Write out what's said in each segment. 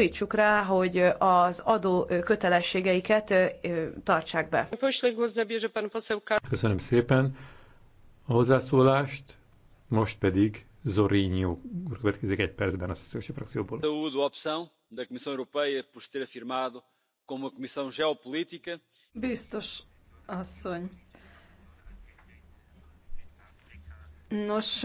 Szorítsuk rá, hogy az adó kötelességeiket tartsák be. Köszönöm szépen a hozzászólást, most pedig Zorinho úr következik egy percben a szociális frakcióból. a a Biztos asszony. Nos,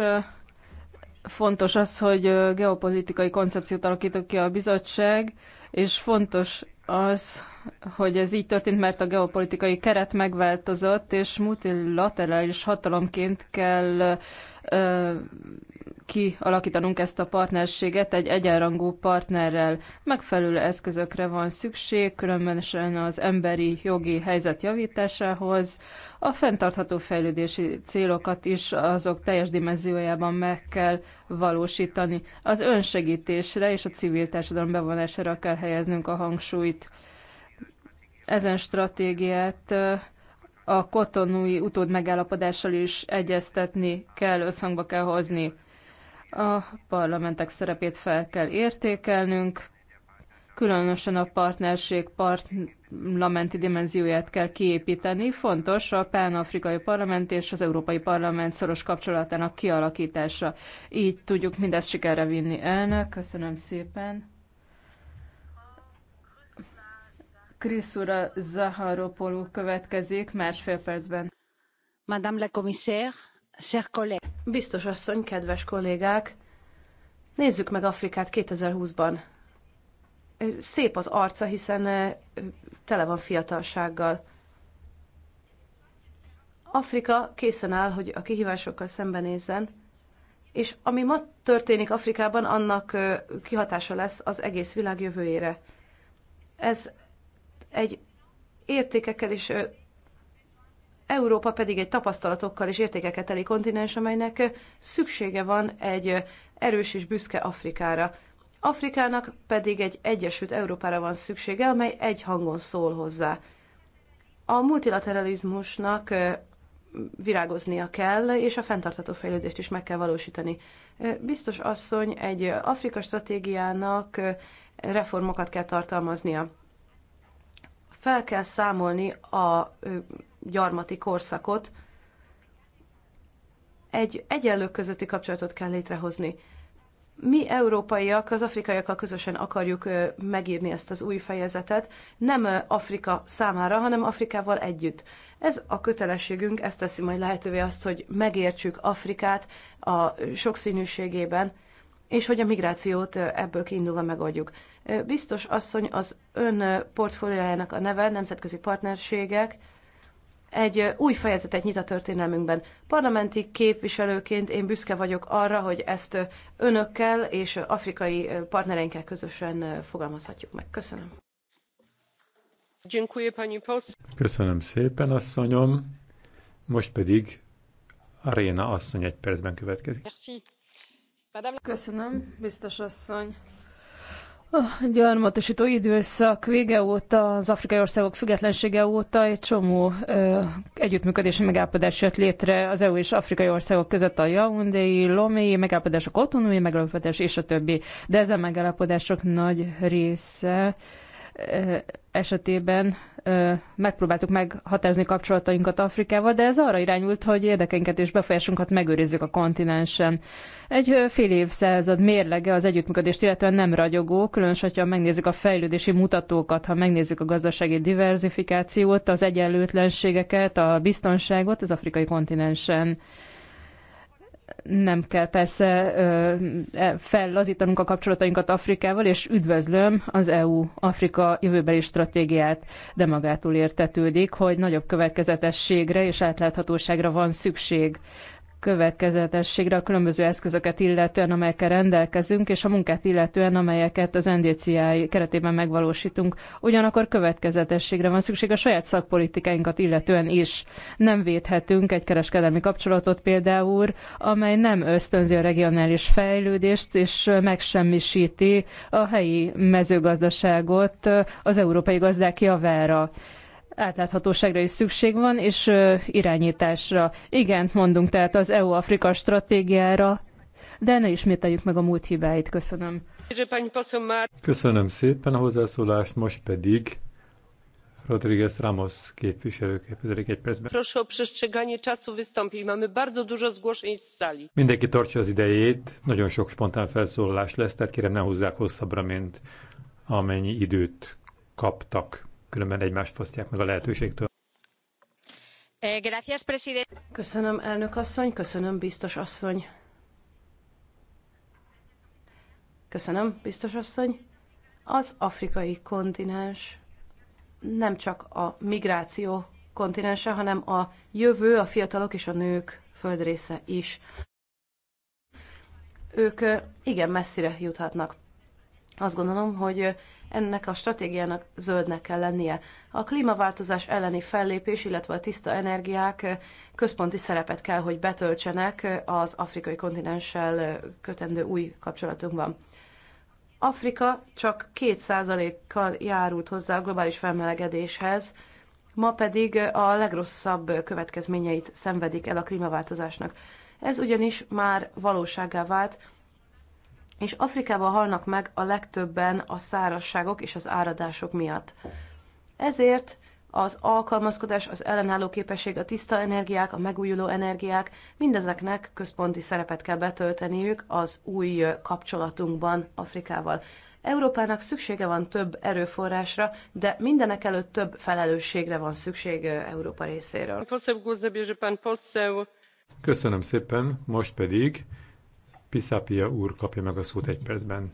Fontos az, hogy geopolitikai koncepciót alakított ki a bizottság, és fontos az, hogy ez így történt, mert a geopolitikai keret megváltozott, és multilaterális hatalomként kell ö, kialakítanunk ezt a partnerséget egy egyenrangú partnerrel. Megfelelő eszközökre van szükség, különösen az emberi jogi helyzet javításához. A fenntartható fejlődési célokat is azok teljes dimenziójában meg kell valósítani. Az önsegítésre és a civil társadalom bevonására kell helyeznünk a hangsúlyt. Ezen stratégiát a kotonúi utód megállapodással is egyeztetni kell, összhangba kell hozni. A parlamentek szerepét fel kell értékelnünk, különösen a partnerség parlamenti dimenzióját kell kiépíteni. Fontos a pán-afrikai parlament és az Európai Parlament szoros kapcsolatának kialakítása. Így tudjuk mindezt sikerre vinni. Elnök, köszönöm szépen. Kriszura Zaharopoulou következik másfél percben. Madame la commissaire, chers collègues. Biztos asszony, kedves kollégák, nézzük meg Afrikát 2020-ban. Szép az arca, hiszen tele van fiatalsággal. Afrika készen áll, hogy a kihívásokkal szembenézzen, és ami ma történik Afrikában, annak kihatása lesz az egész világ jövőjére. Ez egy értékekkel és Európa pedig egy tapasztalatokkal és értékeket teli kontinens, amelynek szüksége van egy erős és büszke Afrikára. Afrikának pedig egy egyesült Európára van szüksége, amely egy hangon szól hozzá. A multilateralizmusnak virágoznia kell, és a fenntartható fejlődést is meg kell valósítani. Biztos asszony, egy Afrika stratégiának reformokat kell tartalmaznia. Fel kell számolni a gyarmati korszakot. Egy egyenlők közötti kapcsolatot kell létrehozni. Mi európaiak az afrikaiakkal közösen akarjuk megírni ezt az új fejezetet, nem Afrika számára, hanem Afrikával együtt. Ez a kötelességünk, ezt teszi majd lehetővé azt, hogy megértsük Afrikát a sokszínűségében, és hogy a migrációt ebből kiindulva megoldjuk. Biztos asszony az ön portfóliójának a neve, nemzetközi partnerségek, egy új fejezetet nyit a történelmünkben. Parlamenti képviselőként én büszke vagyok arra, hogy ezt önökkel és afrikai partnereinkkel közösen fogalmazhatjuk meg. Köszönöm. Köszönöm szépen, asszonyom. Most pedig Aréna asszony egy percben következik. Köszönöm, biztos asszony. A gyarmatosító időszak vége óta, az afrikai országok függetlensége óta egy csomó ö, együttműködési megállapodás jött létre az EU és afrikai országok között a Yaoundé, Lomé, megállapodások, autonómiai megállapodás és a többi. De ezen megállapodások nagy része esetében megpróbáltuk meghatározni kapcsolatainkat Afrikával, de ez arra irányult, hogy érdekeinket és befolyásunkat megőrizzük a kontinensen. Egy fél évszázad mérlege az együttműködést illetve nem ragyogó, különös, ha megnézzük a fejlődési mutatókat, ha megnézzük a gazdasági diversifikációt, az egyenlőtlenségeket, a biztonságot az afrikai kontinensen nem kell persze e, fellazítanunk a kapcsolatainkat Afrikával, és üdvözlöm az EU-Afrika jövőbeli stratégiát, de magától értetődik, hogy nagyobb következetességre és átláthatóságra van szükség következetességre a különböző eszközöket illetően, amelyekkel rendelkezünk, és a munkát illetően, amelyeket az NDCI keretében megvalósítunk. Ugyanakkor következetességre van szükség a saját szakpolitikáinkat illetően is. Nem védhetünk egy kereskedelmi kapcsolatot például, amely nem ösztönzi a regionális fejlődést, és megsemmisíti a helyi mezőgazdaságot az európai gazdák javára átláthatóságra is szükség van, és irányításra. Igen, mondunk tehát az EU-Afrika stratégiára, de ne ismételjük meg a múlt hibáit. Köszönöm. Köszönöm szépen a hozzászólást, most pedig Rodríguez Ramos képviselő képviselik egy percben. Proszę o przestrzeganie czasu wystąpień. Mamy bardzo dużo zgłoszeń z sali. Mindenki tartsa az idejét, nagyon sok spontán felszólalás lesz, tehát kérem ne hozzák hosszabbra, mint amennyi időt kaptak különben egymást fosztják meg a lehetőségtől. Eh, köszönöm, elnök asszony, köszönöm, biztos asszony. Köszönöm, biztos asszony. Az afrikai kontinens nem csak a migráció kontinense, hanem a jövő, a fiatalok és a nők földrésze is. Ők eh, igen messzire juthatnak. Azt gondolom, hogy ennek a stratégiának zöldnek kell lennie. A klímaváltozás elleni fellépés, illetve a tiszta energiák központi szerepet kell, hogy betöltsenek az afrikai kontinenssel kötendő új kapcsolatunkban. Afrika csak 2%-kal járult hozzá a globális felmelegedéshez, ma pedig a legrosszabb következményeit szenvedik el a klímaváltozásnak. Ez ugyanis már valóságá vált, és Afrikában halnak meg a legtöbben a szárazságok és az áradások miatt. Ezért az alkalmazkodás, az ellenálló képesség, a tiszta energiák, a megújuló energiák, mindezeknek központi szerepet kell betölteniük az új kapcsolatunkban Afrikával. Európának szüksége van több erőforrásra, de mindenek előtt több felelősségre van szükség Európa részéről. Köszönöm szépen, most pedig Piszapia úr kapja meg a szót egy percben.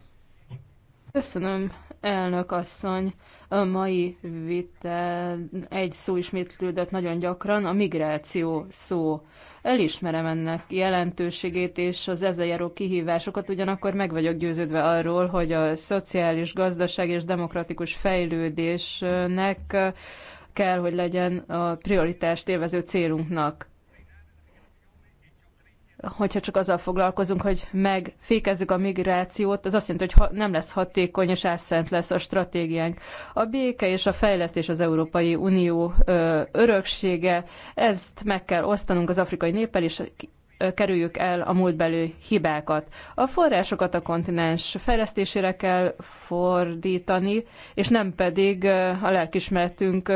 Köszönöm, elnök asszony. A mai vitel egy szó ismétlődött nagyon gyakran, a migráció szó. Elismerem ennek jelentőségét és az ezzel járó kihívásokat, ugyanakkor meg vagyok győződve arról, hogy a szociális, gazdaság és demokratikus fejlődésnek kell, hogy legyen a prioritást élvező célunknak hogyha csak azzal foglalkozunk, hogy megfékezzük a migrációt, az azt jelenti, hogy nem lesz hatékony és elszent lesz a stratégiánk. A béke és a fejlesztés az Európai Unió öröksége, ezt meg kell osztanunk az afrikai néppel, és kerüljük el a múltbeli hibákat. A forrásokat a kontinens fejlesztésére kell fordítani, és nem pedig a lelkismeretünk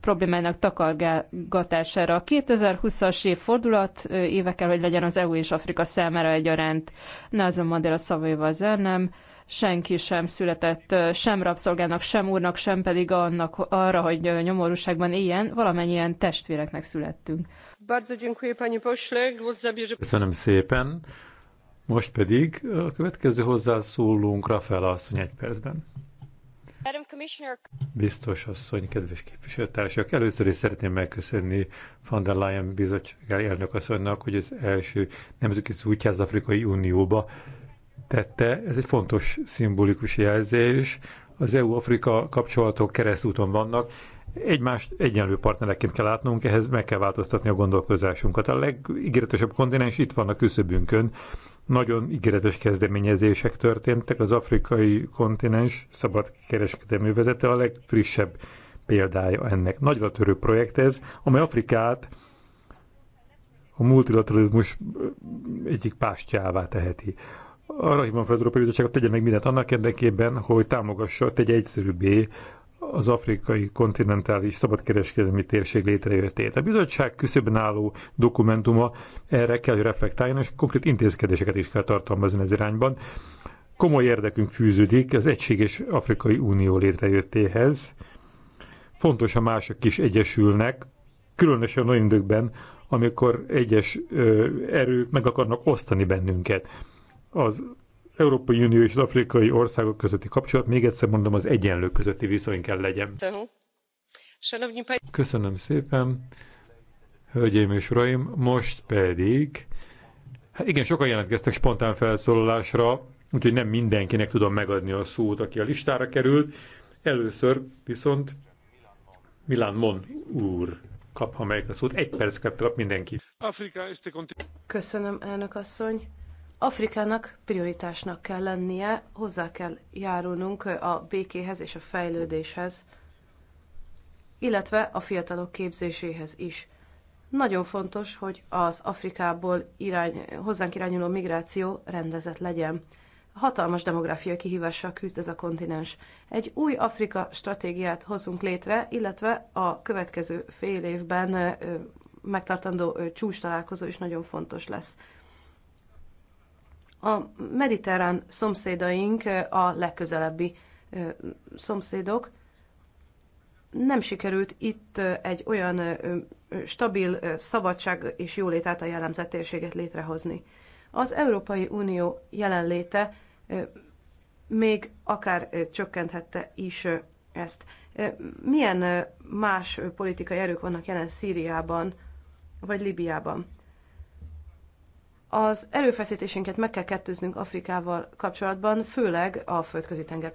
problémának takargatására. A 2020-as év fordulat éve kell, hogy legyen az EU és Afrika számára egyaránt. Názom Mandela szavaival zárnám senki sem született sem rabszolgának, sem úrnak, sem pedig annak, arra, hogy nyomorúságban éljen, valamennyien testvéreknek születtünk. Köszönöm szépen. Most pedig a következő hozzászólunk Rafael asszony egy percben. Biztos asszony, kedves képviselőtársak, először is szeretném megköszönni van der Leyen bizottság elnök asszonynak, hogy az első nemzeti útja az Afrikai Unióba tette, ez egy fontos szimbolikus jelzés. Az EU-Afrika kapcsolatok keresztúton vannak, egymást egyenlő partnereként kell látnunk, ehhez meg kell változtatni a gondolkozásunkat. A legígéretesebb kontinens itt van a küszöbünkön. Nagyon ígéretes kezdeményezések történtek, az afrikai kontinens szabad kereskedelmi vezete a legfrissebb példája ennek. Nagyra törő projekt ez, amely Afrikát a multilateralizmus egyik pástjává teheti a Rahimaföld Európai Bizottságot tegye meg mindent annak érdekében, hogy támogassa, tegye egyszerűbbé az afrikai kontinentális szabadkereskedelmi térség létrejöttét. A bizottság küszöbben álló dokumentuma erre kell, hogy reflektáljon, és konkrét intézkedéseket is kell tartalmazni az irányban. Komoly érdekünk fűződik az Egységes Afrikai Unió létrejöttéhez. Fontos, ha mások is egyesülnek, különösen olyan időkben, amikor egyes erők meg akarnak osztani bennünket az Európai Unió és az afrikai országok közötti kapcsolat, még egyszer mondom, az egyenlő közötti viszony kell legyen. Köszönöm szépen, hölgyeim és uraim, most pedig, hát igen, sokan jelentkeztek spontán felszólalásra, úgyhogy nem mindenkinek tudom megadni a szót, aki a listára került. Először viszont Milán Mon úr kap, ha melyik a szót. Egy perc kap mindenki. Köszönöm, elnök asszony. Afrikának prioritásnak kell lennie, hozzá kell járulnunk a békéhez és a fejlődéshez, illetve a fiatalok képzéséhez is. Nagyon fontos, hogy az Afrikából irány, hozzánk irányuló migráció rendezett legyen. Hatalmas demográfiai kihívással küzd ez a kontinens. Egy új Afrika stratégiát hozunk létre, illetve a következő fél évben megtartandó csúcs találkozó is nagyon fontos lesz. A mediterrán szomszédaink a legközelebbi szomszédok. Nem sikerült itt egy olyan stabil szabadság és jólét által jellemzett térséget létrehozni. Az Európai Unió jelenléte még akár csökkenthette is ezt. Milyen más politikai erők vannak jelen Szíriában vagy Libiában? Az erőfeszítésünket meg kell kettőznünk Afrikával kapcsolatban, főleg a földközi tenger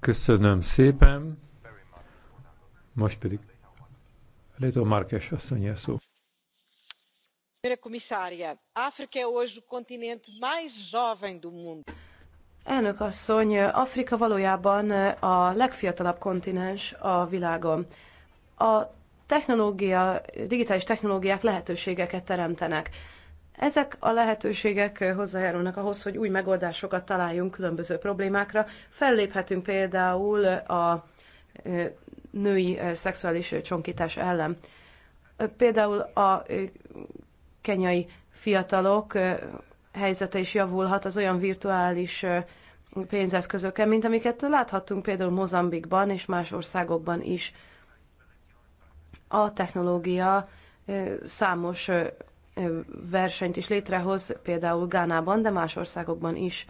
Köszönöm szépen. Most pedig Leto Márkes asszony szó. mais do mundo. Elnök asszony, Afrika valójában a legfiatalabb kontinens a világon. A technológia, digitális technológiák lehetőségeket teremtenek. Ezek a lehetőségek hozzájárulnak ahhoz, hogy új megoldásokat találjunk különböző problémákra. Felléphetünk például a női szexuális csonkítás ellen. Például a kenyai fiatalok helyzete is javulhat az olyan virtuális pénzeszközöken, mint amiket láthattunk például Mozambikban és más országokban is a technológia számos versenyt is létrehoz, például Gánában, de más országokban is.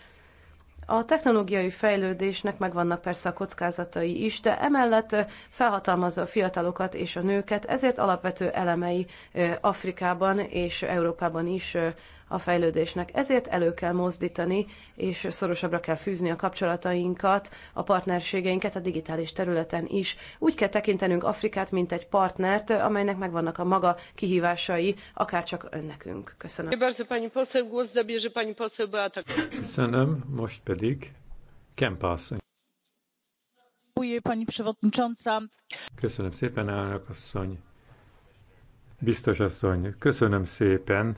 A technológiai fejlődésnek megvannak persze a kockázatai is, de emellett felhatalmazza a fiatalokat és a nőket, ezért alapvető elemei Afrikában és Európában is a fejlődésnek. Ezért elő kell mozdítani, és szorosabbra kell fűzni a kapcsolatainkat, a partnerségeinket a digitális területen is. Úgy kell tekintenünk Afrikát, mint egy partnert, amelynek megvannak a maga kihívásai, akár csak önnekünk. Köszönöm. Köszönöm, most pedig Kempászony. Köszönöm szépen, elnök asszony. Biztos asszony, köszönöm szépen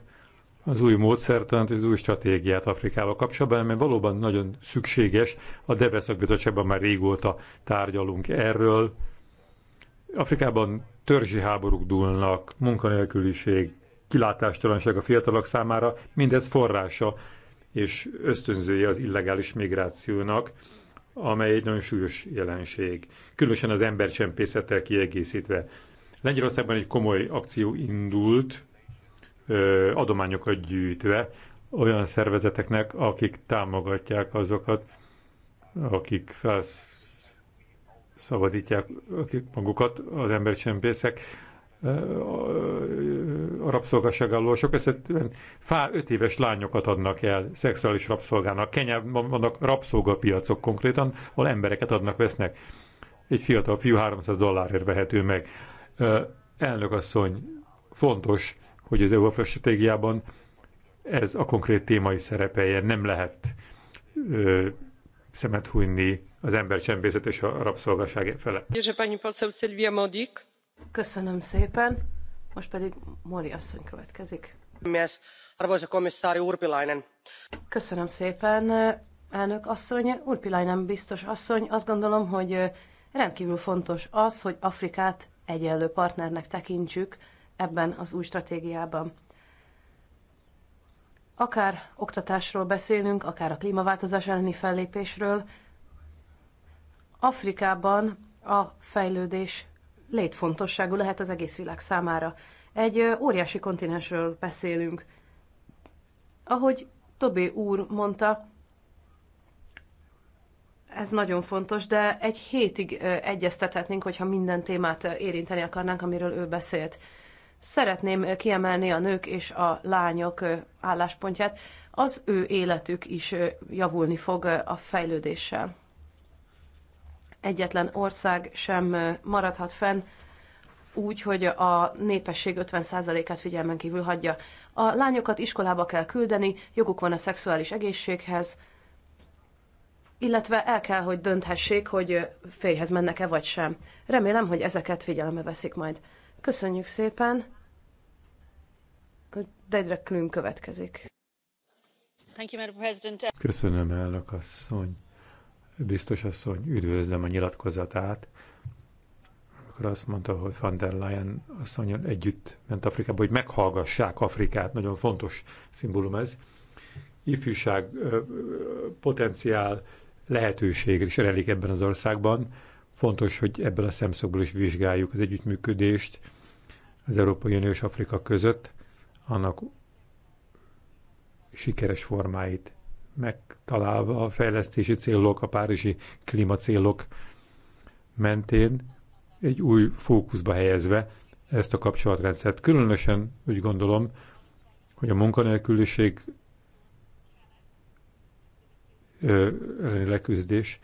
az új módszertant, az új stratégiát Afrikával kapcsolatban, mert valóban nagyon szükséges. A Deveszak Bizottságban már régóta tárgyalunk erről. Afrikában törzsi háborúk dúlnak, munkanélküliség, kilátástalanság a fiatalok számára, mindez forrása és ösztönzője az illegális migrációnak, amely egy nagyon súlyos jelenség, különösen az embercsempészettel kiegészítve. Lengyelországban egy komoly akció indult, adományokat gyűjtve olyan szervezeteknek, akik támogatják azokat, akik felszabadítják akik magukat, az embercsempészek, a rabszolgaság alól. Sok esetben fá öt éves lányokat adnak el szexuális rabszolgának. Kenyában vannak rabszolgapiacok konkrétan, ahol embereket adnak, vesznek. Egy fiatal fiú 300 dollárért vehető meg. Elnök asszony, fontos, hogy az EU stratégiában ez a konkrét témai szerepelje. Nem lehet ö, szemet hújni az embercsempészet és a rabszolgaság e fele. Köszönöm szépen. Most pedig Mori asszony következik. Arvoisa komissári Urpilainen. Köszönöm szépen, elnök asszony. Urpilainen biztos asszony. Azt gondolom, hogy rendkívül fontos az, hogy Afrikát egyenlő partnernek tekintsük ebben az új stratégiában. Akár oktatásról beszélünk, akár a klímaváltozás elleni fellépésről, Afrikában a fejlődés létfontosságú lehet az egész világ számára. Egy óriási kontinensről beszélünk. Ahogy Tobi úr mondta, ez nagyon fontos, de egy hétig egyeztethetnénk, hogyha minden témát érinteni akarnánk, amiről ő beszélt. Szeretném kiemelni a nők és a lányok álláspontját. Az ő életük is javulni fog a fejlődéssel. Egyetlen ország sem maradhat fenn úgy, hogy a népesség 50%-át figyelmen kívül hagyja. A lányokat iskolába kell küldeni, joguk van a szexuális egészséghez, illetve el kell, hogy dönthessék, hogy férjhez mennek-e vagy sem. Remélem, hogy ezeket figyelembe veszik majd. Köszönjük szépen. Deidre Klüm következik. Köszönöm, elnök asszony. Biztos asszony, üdvözlöm a nyilatkozatát. Akkor azt mondta, hogy van der Leyen asszony együtt ment Afrikába, hogy meghallgassák Afrikát. Nagyon fontos szimbólum ez. Ifjúság, potenciál, lehetőség is elég ebben az országban Fontos, hogy ebből a szemszögből is vizsgáljuk az együttműködést az Európai Unió és Afrika között, annak sikeres formáit megtalálva a fejlesztési célok, a párizsi klímacélok mentén, egy új fókuszba helyezve ezt a kapcsolatrendszert. Különösen úgy gondolom, hogy a munkanélküliség leküzdés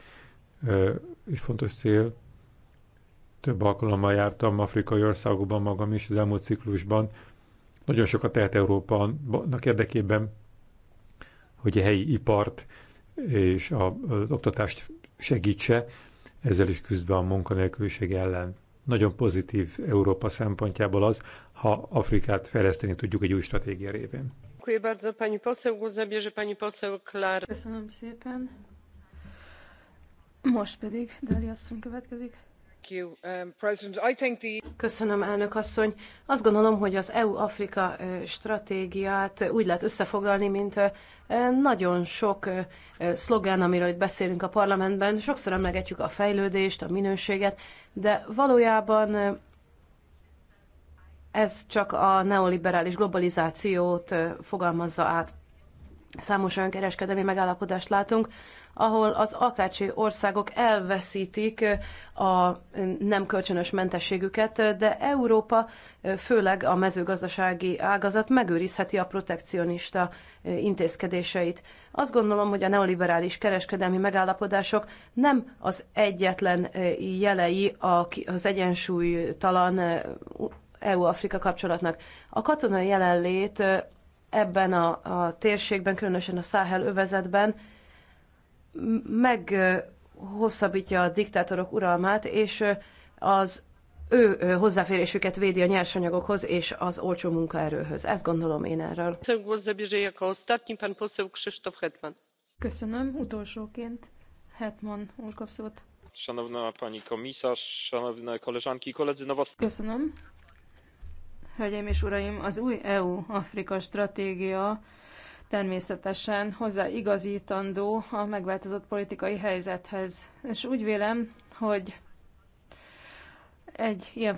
és fontos cél. Több alkalommal jártam afrikai országokban magam is az elmúlt ciklusban. Nagyon sokat tehet Európának érdekében, hogy a helyi ipart és az oktatást segítse, ezzel is küzdve a munkanélküliség ellen. Nagyon pozitív Európa szempontjából az, ha Afrikát fejleszteni tudjuk egy új stratégia révén. Köszönöm szépen pedig um, Köszönöm, elnök asszony. Azt gondolom, hogy az EU-Afrika stratégiát úgy lehet összefoglalni, mint nagyon sok szlogán, amiről itt beszélünk a parlamentben. Sokszor emlegetjük a fejlődést, a minőséget, de valójában ez csak a neoliberális globalizációt fogalmazza át. Számos olyan kereskedelmi megállapodást látunk, ahol az akácsi országok elveszítik a nem kölcsönös mentességüket, de Európa, főleg a mezőgazdasági ágazat megőrizheti a protekcionista intézkedéseit. Azt gondolom, hogy a neoliberális kereskedelmi megállapodások nem az egyetlen jelei az egyensúlytalan EU-Afrika kapcsolatnak. A katonai jelenlét ebben a, a térségben, különösen a Száhel övezetben meghosszabbítja a diktátorok uralmát, és az ő hozzáférésüket védi a nyersanyagokhoz és az olcsó munkaerőhöz. Ezt gondolom én erről. Köszönöm, utolsóként Hetman úr kap Szanowna pani komisarz, szanowne koleżanki i koledzy, no was... Köszönöm. Hölgyeim és uraim, az új EU-Afrika stratégia természetesen hozzáigazítandó a megváltozott politikai helyzethez. És úgy vélem, hogy egy ilyen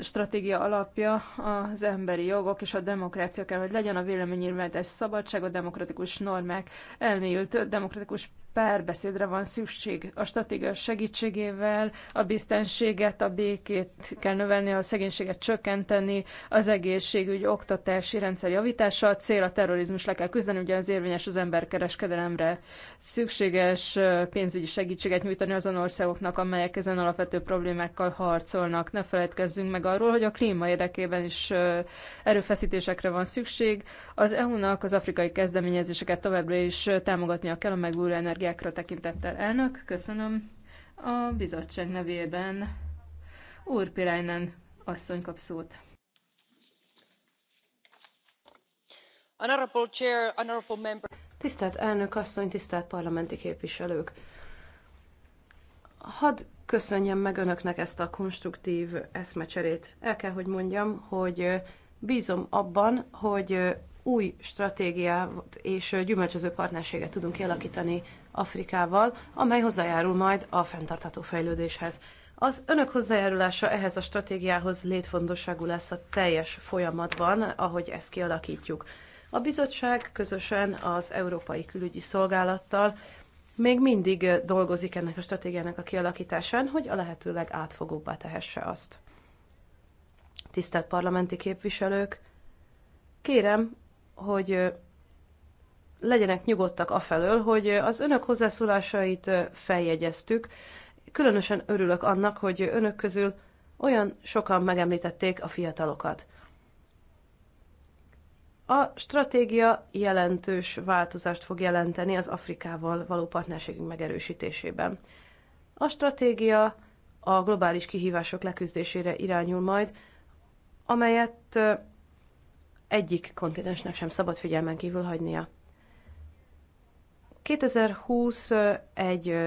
stratégia alapja az emberi jogok és a demokrácia kell, hogy legyen a véleménynyilvánítás szabadság, a demokratikus normák, elmélyült demokratikus párbeszédre van szükség. A stratégia segítségével a biztonséget, a békét kell növelni, a szegénységet csökkenteni, az egészségügy, oktatási rendszer javítása, a cél a terrorizmus le kell küzdeni, ugye az érvényes az emberkereskedelemre szükséges pénzügyi segítséget nyújtani azon országoknak, amelyek ezen alapvető problémákkal harcolnak. Ne feledkezzünk meg arról, hogy a klíma érdekében is erőfeszítésekre van szükség. Az EU-nak az afrikai kezdeményezéseket továbbra is támogatnia kell a megújuló energiát technológiákra tekintettel elnök. Köszönöm a bizottság nevében. Úr Pirájnen asszony kap szót. Honorable Chair, honorable member. Tisztelt elnök asszony, tisztelt parlamenti képviselők! Hadd köszönjem meg önöknek ezt a konstruktív eszmecserét. El kell, hogy mondjam, hogy bízom abban, hogy új stratégiát és gyümölcsöző partnerséget tudunk kialakítani Afrikával, amely hozzájárul majd a fenntartható fejlődéshez. Az önök hozzájárulása ehhez a stratégiához létfontosságú lesz a teljes folyamatban, ahogy ezt kialakítjuk. A bizottság közösen az Európai Külügyi Szolgálattal még mindig dolgozik ennek a stratégiának a kialakításán, hogy a lehető legátfogóbbá tehesse azt. Tisztelt parlamenti képviselők, kérem, hogy legyenek nyugodtak afelől, hogy az önök hozzászólásait feljegyeztük. Különösen örülök annak, hogy önök közül olyan sokan megemlítették a fiatalokat. A stratégia jelentős változást fog jelenteni az Afrikával való partnerségünk megerősítésében. A stratégia a globális kihívások leküzdésére irányul majd, amelyet egyik kontinensnek sem szabad figyelmen kívül hagynia. 2020 egy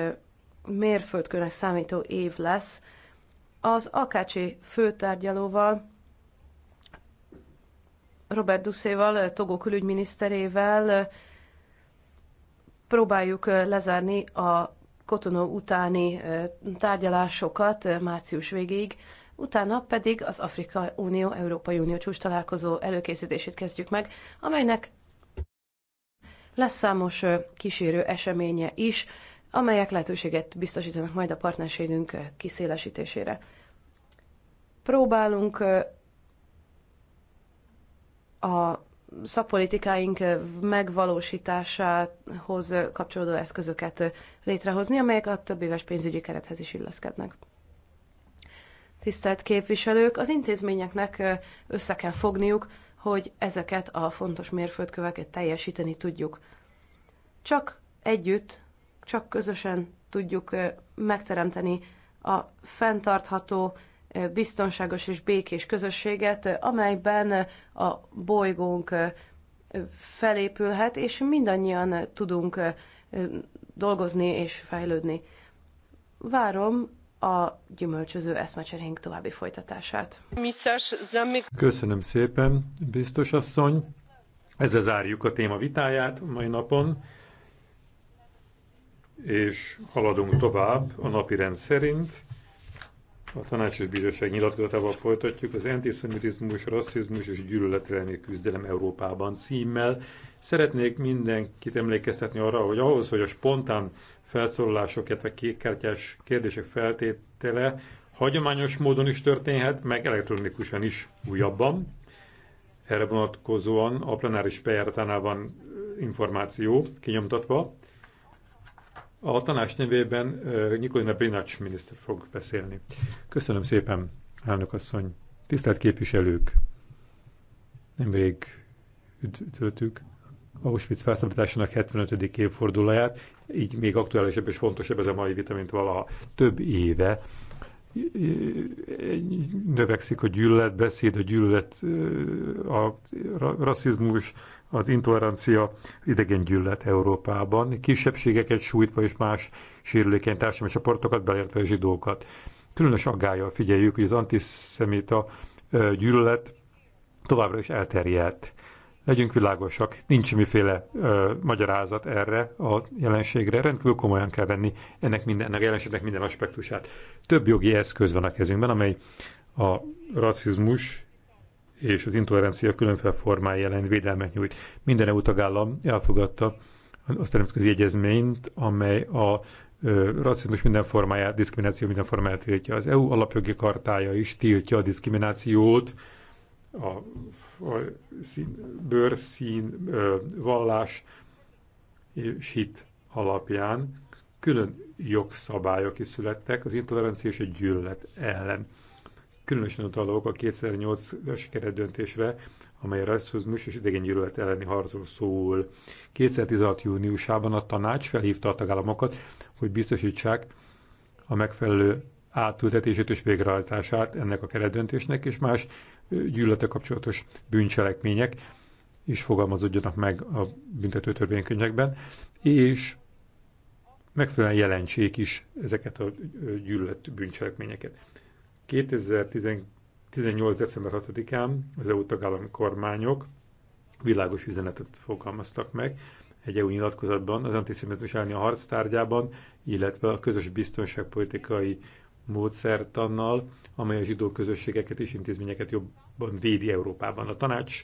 mérföldkőnek számító év lesz. Az Akácsi főtárgyalóval, Robert Duszéval, Togó külügyminiszterével próbáljuk lezárni a Kotonó utáni tárgyalásokat március végéig, utána pedig az Afrika Unió Európai Unió csúcs találkozó előkészítését kezdjük meg, amelynek lesz számos kísérő eseménye is, amelyek lehetőséget biztosítanak majd a partnerségünk kiszélesítésére. Próbálunk a szakpolitikáink megvalósításához kapcsolódó eszközöket létrehozni, amelyek a több éves pénzügyi kerethez is illeszkednek. Tisztelt képviselők, az intézményeknek össze kell fogniuk, hogy ezeket a fontos mérföldköveket teljesíteni tudjuk. Csak együtt, csak közösen tudjuk megteremteni a fenntartható, biztonságos és békés közösséget, amelyben a bolygónk felépülhet, és mindannyian tudunk dolgozni és fejlődni. Várom a gyümölcsöző eszmecserénk további folytatását. Köszönöm szépen, biztos asszony. Ezzel zárjuk a téma vitáját mai napon, és haladunk tovább a napi rend szerint. A tanácsos bíróság nyilatkozatával folytatjuk az antiszemitizmus, rasszizmus és gyűlöleteleni küzdelem Európában címmel. Szeretnék mindenkit emlékeztetni arra, hogy ahhoz, hogy a spontán felszólalások, illetve kékkártyás kérdések feltétele hagyományos módon is történhet, meg elektronikusan is újabban. Erre vonatkozóan a plenáris bejáratánál van információ kinyomtatva. A tanács nevében Nikolina Brinács miniszter fog beszélni. Köszönöm szépen, elnökasszony. Tisztelt képviselők! Nemrég üdvözöltük Auschwitz felszabadításának 75. évfordulóját így még aktuálisabb és fontosabb ez a mai vita, mint valaha több éve növekszik a beszéd a gyűlölet, a rasszizmus, az intolerancia, idegen gyűlölet Európában, kisebbségeket sújtva és más sérülékeny társadalmi csoportokat, beleértve a zsidókat. Különös aggájjal figyeljük, hogy az antiszemita gyűlölet továbbra is elterjedt Legyünk világosak, nincs semmiféle ö, magyarázat erre a jelenségre, rendkívül komolyan kell venni ennek, minden, ennek a jelenségnek minden aspektusát. Több jogi eszköz van a kezünkben, amely a rasszizmus és az intolerancia különféle formái ellen védelmet nyújt. Minden EU tagállam elfogadta azt a nemzetközi egyezményt, amely a rasszizmus minden formáját, diszkrimináció minden formáját tiltja. Az EU alapjogi kartája is tiltja a diszkriminációt a faj, szín, bőrszín, vallás és hit alapján külön jogszabályok is születtek az intolerancia és a gyűlölet ellen. Különösen utalok a 2008-as keretdöntésre, amely a rasszizmus és idegen gyűlölet elleni harcról szól. 2016. júniusában a tanács felhívta a tagállamokat, hogy biztosítsák a megfelelő átültetését és végrehajtását ennek a keretdöntésnek és más gyűlölete kapcsolatos bűncselekmények is fogalmazódjanak meg a büntető törvénykönyvekben, és megfelelően jelentsék is ezeket a gyűlölet bűncselekményeket. 2018. december 6-án az EU tagállami kormányok világos üzenetet fogalmaztak meg egy EU nyilatkozatban az antiszemitizmus elleni a harc tárgyában, illetve a közös biztonságpolitikai módszertannal, amely a zsidó közösségeket és intézményeket jobban védi Európában. A tanács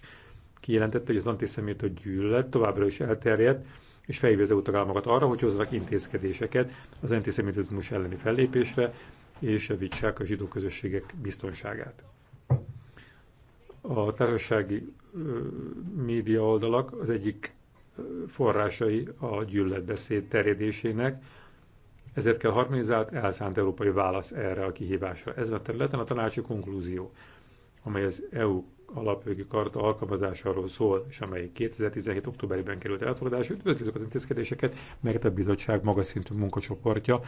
kijelentette, hogy az a gyűlölet továbbra is elterjedt, és felhívja az EU tagállamokat arra, hogy hozzanak intézkedéseket az antiszemitizmus elleni fellépésre, és javítsák a zsidó közösségek biztonságát. A társasági ö, média oldalak az egyik forrásai a gyűlöletbeszéd terjedésének, ezért kell harmonizált, elszánt európai válasz erre a kihívásra. Ez a területen a tanácsi konklúzió, amely az EU alapjogi karta alkalmazásáról szól, és amely 2017. októberében került elfogadásra. Üdvözlők az intézkedéseket, mert a bizottság magas szintű munkacsoportja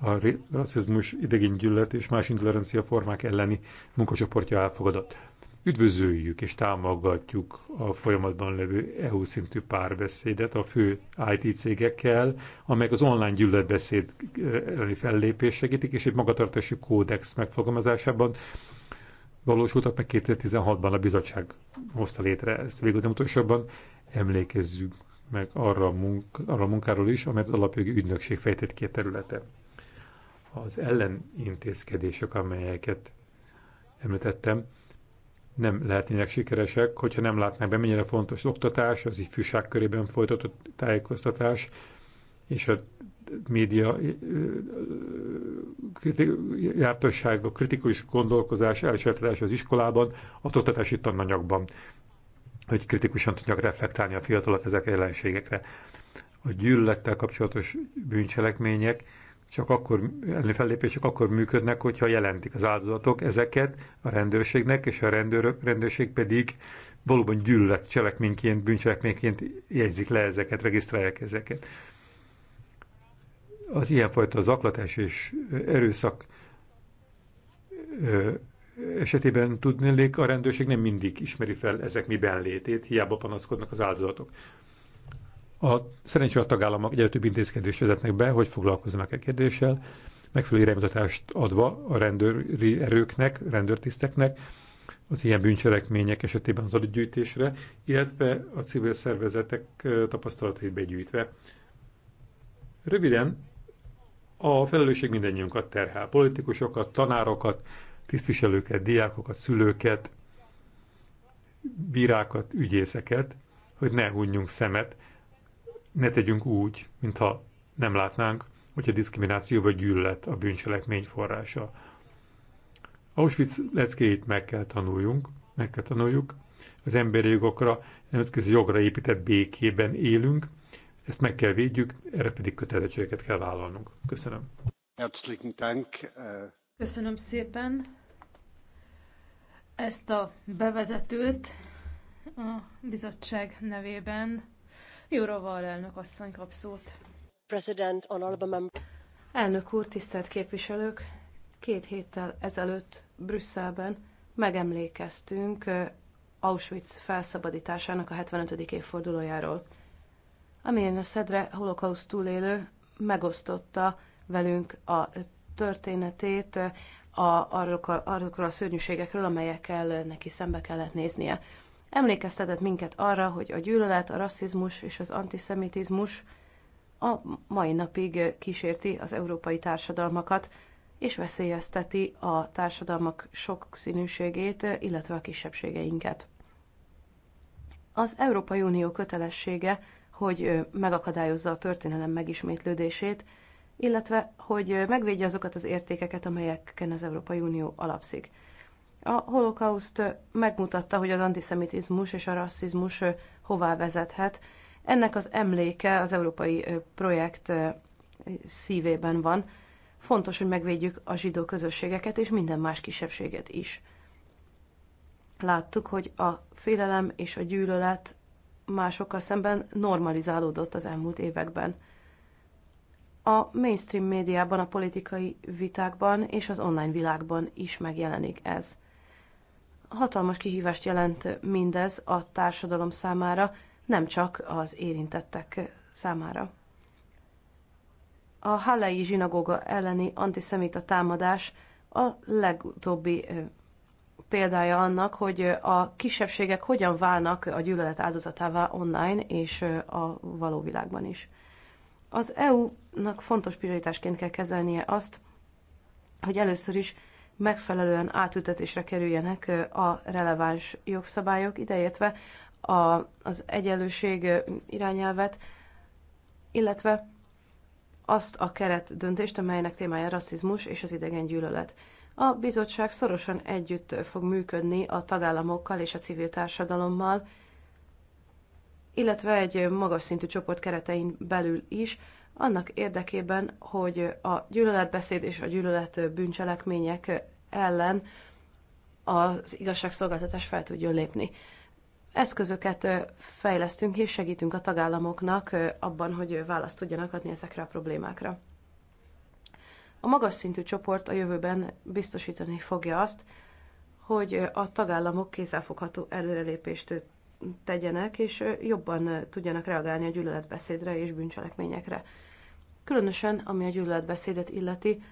a rasszizmus, idegén gyűlölet és más intolerancia formák elleni munkacsoportja elfogadott. Üdvözöljük és támogatjuk a folyamatban levő EU szintű párbeszédet a fő IT cégekkel, amelyek az online gyűlöletbeszéd eh, elleni fellépés segítik, és egy magatartási kódex megfogalmazásában valósultak meg 2016-ban a bizottság hozta létre ezt. Végül nem utolsóban emlékezzünk meg arra a, munk- arra a munkáról is, amelyet az alapjogi ügynökség fejtett ki a területe. Az ellenintézkedések, amelyeket említettem, nem lehetnének sikeresek, hogyha nem látnák be, mennyire fontos az oktatás, az ifjúság körében folytatott tájékoztatás, és a média a kritikus gondolkozás elsajátítása az iskolában, a oktatási tananyagban, hogy kritikusan tudjak reflektálni a fiatalok ezek a jelenségekre. A gyűlölettel kapcsolatos bűncselekmények csak akkor, elleni fellépések akkor működnek, hogyha jelentik az áldozatok ezeket a rendőrségnek, és a rendőrök, rendőrség pedig valóban gyűlölet cselekményként, bűncselekményként jegyzik le ezeket, regisztrálják ezeket. Az ilyenfajta zaklatás és erőszak esetében tudnélék, a rendőrség nem mindig ismeri fel ezek miben létét, hiába panaszkodnak az áldozatok. A, szerencsére a tagállamok egyre több intézkedést vezetnek be, hogy foglalkozzanak e kérdéssel, megfelelő iránymutatást adva a rendőri erőknek, rendőrtiszteknek, az ilyen bűncselekmények esetében az adatgyűjtésre, illetve a civil szervezetek tapasztalatait begyűjtve. Röviden, a felelősség mindannyiunkat terhel. Politikusokat, tanárokat, tisztviselőket, diákokat, szülőket, bírákat, ügyészeket, hogy ne hunyjunk szemet ne tegyünk úgy, mintha nem látnánk, hogy a diszkrimináció vagy gyűlölet a bűncselekmény forrása. Auschwitz leckéit meg kell tanuljunk, meg kell tanuljuk, az emberi jogokra, nemzetközi jogra épített békében élünk, ezt meg kell védjük, erre pedig kötelezettségeket kell vállalnunk. Köszönöm. Eh. Köszönöm szépen ezt a bevezetőt a bizottság nevében elnök Elnök úr, tisztelt képviselők! Két héttel ezelőtt Brüsszelben megemlékeztünk Auschwitz felszabadításának a 75. évfordulójáról. Amilyen a Szedre holokauszt túlélő megosztotta velünk a történetét a, arról, arról a szörnyűségekről, amelyekkel neki szembe kellett néznie emlékeztetett minket arra, hogy a gyűlölet, a rasszizmus és az antiszemitizmus a mai napig kísérti az európai társadalmakat, és veszélyezteti a társadalmak sok színűségét, illetve a kisebbségeinket. Az Európai Unió kötelessége, hogy megakadályozza a történelem megismétlődését, illetve hogy megvédje azokat az értékeket, amelyeken az Európai Unió alapszik. A holokauszt megmutatta, hogy az antiszemitizmus és a rasszizmus hová vezethet. Ennek az emléke az európai projekt szívében van. Fontos, hogy megvédjük a zsidó közösségeket és minden más kisebbséget is. Láttuk, hogy a félelem és a gyűlölet másokkal szemben normalizálódott az elmúlt években. A mainstream médiában, a politikai vitákban és az online világban is megjelenik ez hatalmas kihívást jelent mindez a társadalom számára, nem csak az érintettek számára. A Hallei zsinagóga elleni antiszemita támadás a legutóbbi példája annak, hogy a kisebbségek hogyan válnak a gyűlölet áldozatává online és a való világban is. Az EU-nak fontos prioritásként kell kezelnie azt, hogy először is megfelelően átültetésre kerüljenek a releváns jogszabályok, ideértve a, az egyenlőség irányelvet, illetve azt a keret döntést, amelynek témája rasszizmus és az idegen gyűlölet. A bizottság szorosan együtt fog működni a tagállamokkal és a civil társadalommal, illetve egy magas szintű csoport keretein belül is, annak érdekében, hogy a gyűlöletbeszéd és a gyűlölet bűncselekmények ellen az igazságszolgáltatás fel tudjon lépni. Eszközöket fejlesztünk és segítünk a tagállamoknak abban, hogy választ tudjanak adni ezekre a problémákra. A magas szintű csoport a jövőben biztosítani fogja azt, hogy a tagállamok kézzelfogható előrelépést tegyenek, és jobban tudjanak reagálni a gyűlöletbeszédre és bűncselekményekre különösen ami a gyűlöletbeszédet illeti,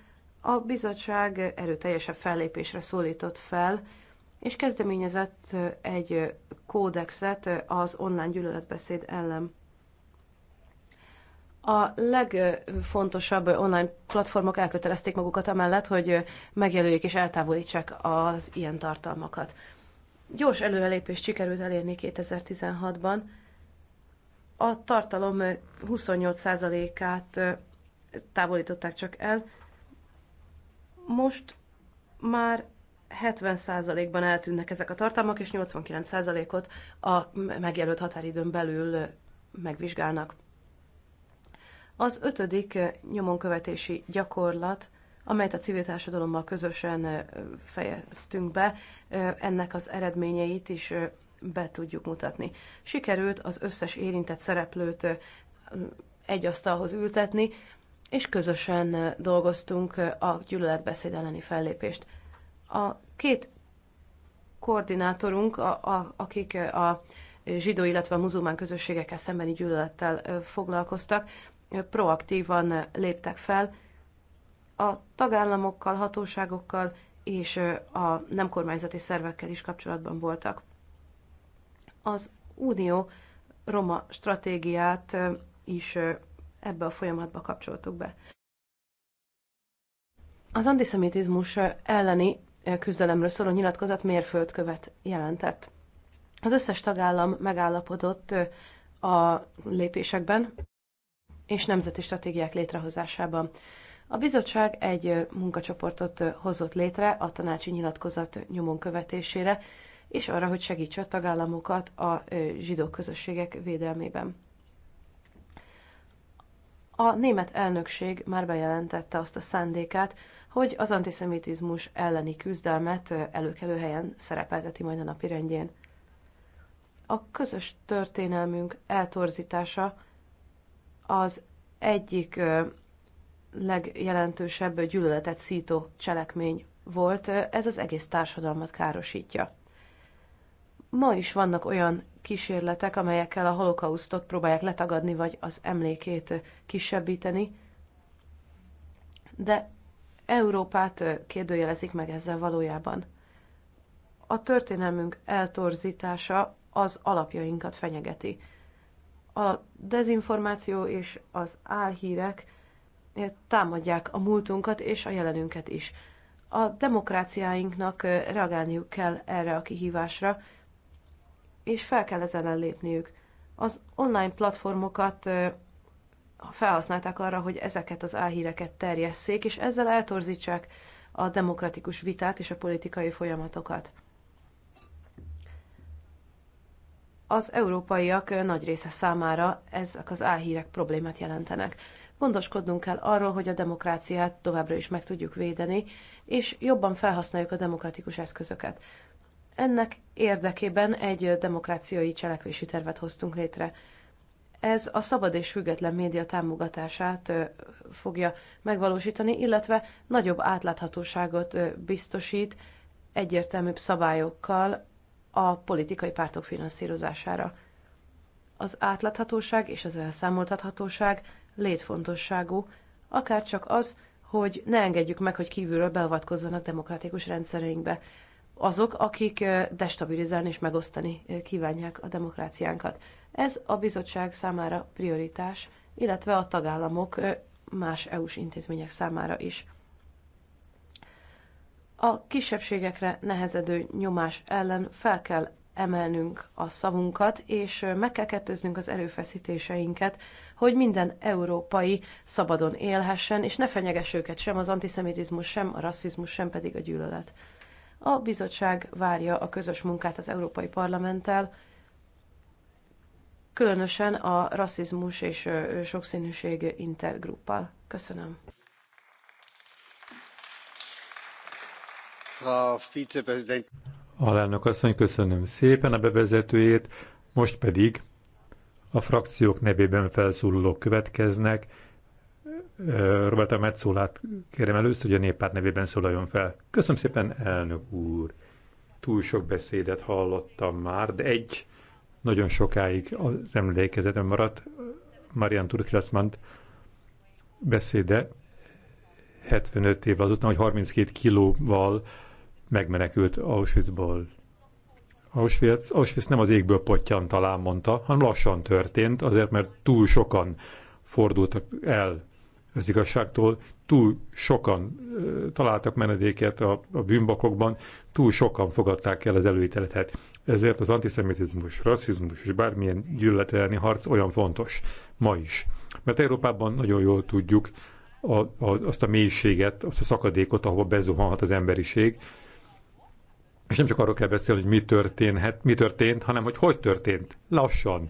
a bizottság erőteljesebb fellépésre szólított fel, és kezdeményezett egy kódexet az online gyűlöletbeszéd ellen. A legfontosabb online platformok elkötelezték magukat amellett, hogy megjelöljék és eltávolítsák az ilyen tartalmakat. Gyors előrelépést sikerült elérni 2016-ban, a tartalom 28%-át távolították csak el. Most már 70%-ban eltűnnek ezek a tartalmak, és 89%-ot a megjelölt határidőn belül megvizsgálnak. Az ötödik nyomonkövetési gyakorlat, amelyet a civil társadalommal közösen fejeztünk be, ennek az eredményeit is be tudjuk mutatni. Sikerült az összes érintett szereplőt egy asztalhoz ültetni, és közösen dolgoztunk a gyűlöletbeszéd elleni fellépést. A két koordinátorunk, a, a, akik a zsidó, illetve a muzulmán közösségekkel szembeni gyűlölettel foglalkoztak, proaktívan léptek fel a tagállamokkal, hatóságokkal és a nem kormányzati szervekkel is kapcsolatban voltak az Unió roma stratégiát is ebbe a folyamatba kapcsoltuk be. Az antiszemitizmus elleni küzdelemről szóló nyilatkozat mérföldkövet jelentett. Az összes tagállam megállapodott a lépésekben és nemzeti stratégiák létrehozásában. A bizottság egy munkacsoportot hozott létre a tanácsi nyilatkozat nyomon követésére, és arra, hogy segítse a tagállamokat a zsidó közösségek védelmében. A német elnökség már bejelentette azt a szándékát, hogy az antiszemitizmus elleni küzdelmet előkelő helyen szerepelteti majd a napi rendjén. A közös történelmünk eltorzítása az egyik legjelentősebb gyűlöletet szító cselekmény volt, ez az egész társadalmat károsítja. Ma is vannak olyan kísérletek, amelyekkel a holokausztot próbálják letagadni, vagy az emlékét kisebbíteni, de Európát kérdőjelezik meg ezzel valójában. A történelmünk eltorzítása az alapjainkat fenyegeti. A dezinformáció és az álhírek támadják a múltunkat és a jelenünket is. A demokráciáinknak reagálniuk kell erre a kihívásra, és fel kell ezzel ellen lépniük. Az online platformokat felhasználták arra, hogy ezeket az álhíreket terjesszék, és ezzel eltorzítsák a demokratikus vitát és a politikai folyamatokat. Az európaiak nagy része számára ezek az álhírek problémát jelentenek. Gondoskodnunk kell arról, hogy a demokráciát továbbra is meg tudjuk védeni, és jobban felhasználjuk a demokratikus eszközöket. Ennek érdekében egy demokráciai cselekvési tervet hoztunk létre. Ez a szabad és független média támogatását fogja megvalósítani, illetve nagyobb átláthatóságot biztosít egyértelműbb szabályokkal a politikai pártok finanszírozására. Az átláthatóság és az elszámoltathatóság létfontosságú, akár csak az, hogy ne engedjük meg, hogy kívülről beavatkozzanak demokratikus rendszereinkbe azok, akik destabilizálni és megosztani kívánják a demokráciánkat. Ez a bizottság számára prioritás, illetve a tagállamok más EU-s intézmények számára is. A kisebbségekre nehezedő nyomás ellen fel kell emelnünk a szavunkat, és meg kell kettőznünk az erőfeszítéseinket, hogy minden európai szabadon élhessen, és ne fenyegess őket sem az antiszemitizmus, sem a rasszizmus, sem pedig a gyűlölet. A bizottság várja a közös munkát az Európai Parlamenttel, különösen a rasszizmus és sokszínűség intergruppal. Köszönöm. Alelnök asszony, köszönöm szépen a bevezetőjét, most pedig a frakciók nevében felszólalók következnek. Roberta Metzolát kérem először, hogy a néppárt nevében szólaljon fel. Köszönöm szépen, elnök úr. Túl sok beszédet hallottam már, de egy nagyon sokáig az emlékezetem maradt, Marian Turkrasmant beszéde 75 év azután, hogy 32 kilóval megmenekült Auschwitzból. Auschwitz, Auschwitz nem az égből pottyan talán mondta, hanem lassan történt, azért mert túl sokan fordultak el az igazságtól. Túl sokan találtak menedéket a, a bűnbakokban, túl sokan fogadták el az előítéletet. Ezért az antiszemitizmus, rasszizmus és bármilyen gyűlöletelni harc olyan fontos ma is. Mert Európában nagyon jól tudjuk a, a, azt a mélységet, azt a szakadékot, ahova bezuhanhat az emberiség, és nem csak arról kell beszélni, hogy mi történhet, mi történt, hanem hogy hogy történt. Lassan,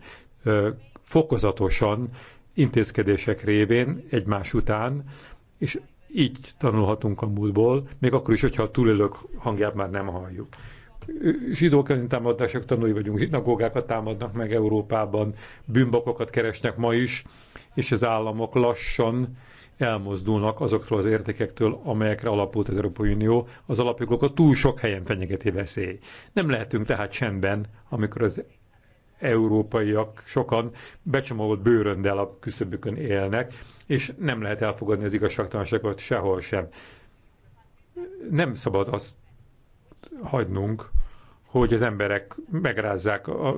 fokozatosan, intézkedések révén egymás után, és így tanulhatunk a múltból, még akkor is, hogyha a túlélők hangját már nem halljuk. Zsidók elleni támadások tanulói vagyunk, zsinagógákat támadnak meg Európában, bűnbakokat keresnek ma is, és az államok lassan elmozdulnak azoktól az értékektől, amelyekre alapult az Európai Unió, az alapjogokat túl sok helyen fenyegeti veszély. Nem lehetünk tehát csendben, amikor az európaiak sokan becsomagolt bőröndel a küszöbükön élnek, és nem lehet elfogadni az igazságtalanságot sehol sem. Nem szabad azt hagynunk, hogy az emberek megrázzák a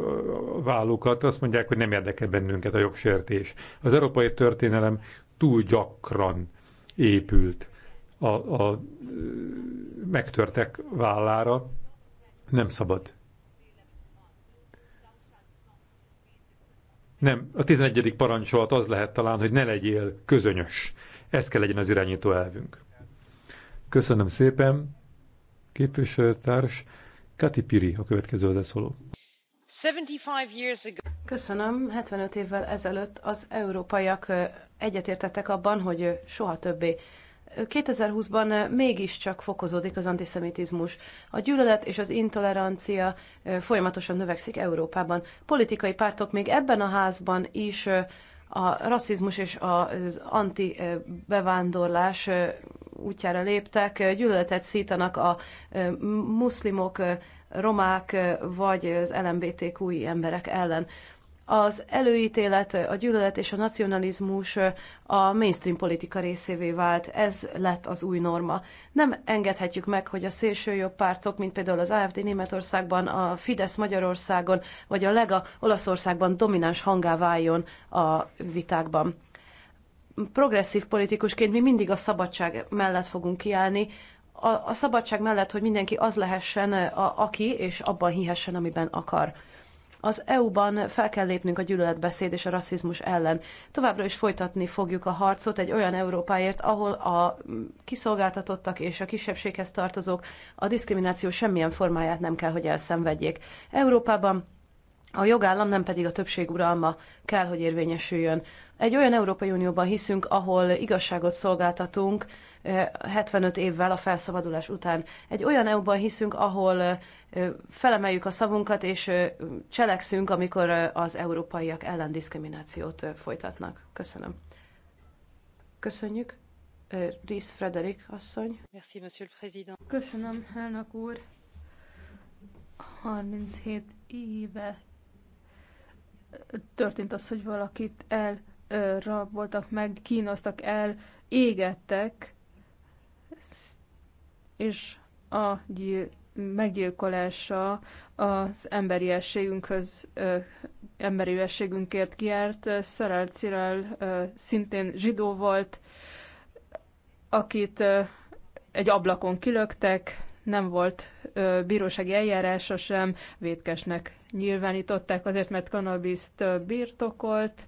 vállukat, azt mondják, hogy nem érdekel bennünket a jogsértés. Az európai történelem túl gyakran épült a, a megtörtek vállára, nem szabad Nem, a 11. parancsolat az lehet talán, hogy ne legyél közönös. Ez kell legyen az irányító elvünk. Köszönöm szépen, képviselőtárs. Kati Piri, a következő az eszoló. Köszönöm. 75 évvel ezelőtt az európaiak egyetértettek abban, hogy soha többé 2020-ban mégiscsak fokozódik az antiszemitizmus. A gyűlölet és az intolerancia folyamatosan növekszik Európában. Politikai pártok még ebben a házban is a rasszizmus és az anti-bevándorlás útjára léptek, gyűlöletet szítanak a muszlimok, romák vagy az LMBTQI emberek ellen az előítélet, a gyűlölet és a nacionalizmus a mainstream politika részévé vált. Ez lett az új norma. Nem engedhetjük meg, hogy a szélső jobb pártok, mint például az AFD Németországban, a Fidesz Magyarországon, vagy a Lega Olaszországban domináns hangá váljon a vitákban. Progresszív politikusként mi mindig a szabadság mellett fogunk kiállni, a, a szabadság mellett, hogy mindenki az lehessen, a, aki, és abban hihessen, amiben akar. Az EU-ban fel kell lépnünk a gyűlöletbeszéd és a rasszizmus ellen. Továbbra is folytatni fogjuk a harcot egy olyan Európáért, ahol a kiszolgáltatottak és a kisebbséghez tartozók a diszkrimináció semmilyen formáját nem kell, hogy elszenvedjék. Európában a jogállam nem pedig a többség uralma kell, hogy érvényesüljön. Egy olyan Európai Unióban hiszünk, ahol igazságot szolgáltatunk, 75 évvel a felszabadulás után. Egy olyan EU-ban hiszünk, ahol felemeljük a szavunkat és cselekszünk, amikor az európaiak ellen diszkriminációt folytatnak. Köszönöm. Köszönjük. Rész Frederik asszony. Merci, monsieur le président. Köszönöm, elnök úr. 37 éve történt az, hogy valakit elraboltak meg, kínoztak el, égettek, és a gyil- meggyilkolása az emberiességünkhöz, emberiességünkért kiárt. Szerel Cirel szintén zsidó volt, akit egy ablakon kilöktek, nem volt ö, bírósági eljárása sem, vétkesnek nyilvánították azért, mert kanabiszt birtokolt,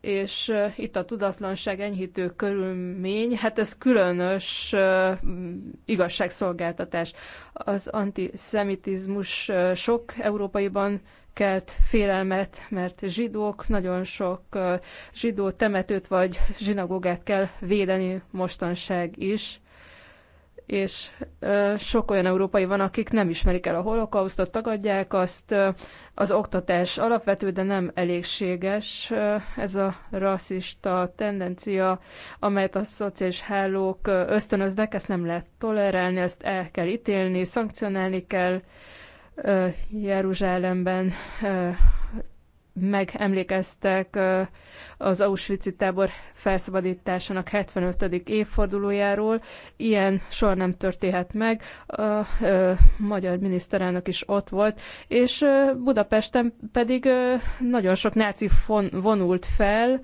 és itt a tudatlanság enyhítő körülmény, hát ez különös igazságszolgáltatás. Az antiszemitizmus sok európaiban kelt félelmet, mert zsidók, nagyon sok zsidó temetőt vagy zsinagógát kell védeni mostanság is és sok olyan európai van, akik nem ismerik el a holokausztot, tagadják azt. Az oktatás alapvető, de nem elégséges ez a rasszista tendencia, amelyet a szociális hálók ösztönöznek, ezt nem lehet tolerálni, ezt el kell ítélni, szankcionálni kell. Jeruzsálemben megemlékeztek az auschwitz tábor felszabadításának 75. évfordulójáról. Ilyen soha nem történhet meg. A, magyar miniszterelnök is ott volt, és Budapesten pedig nagyon sok náci vonult fel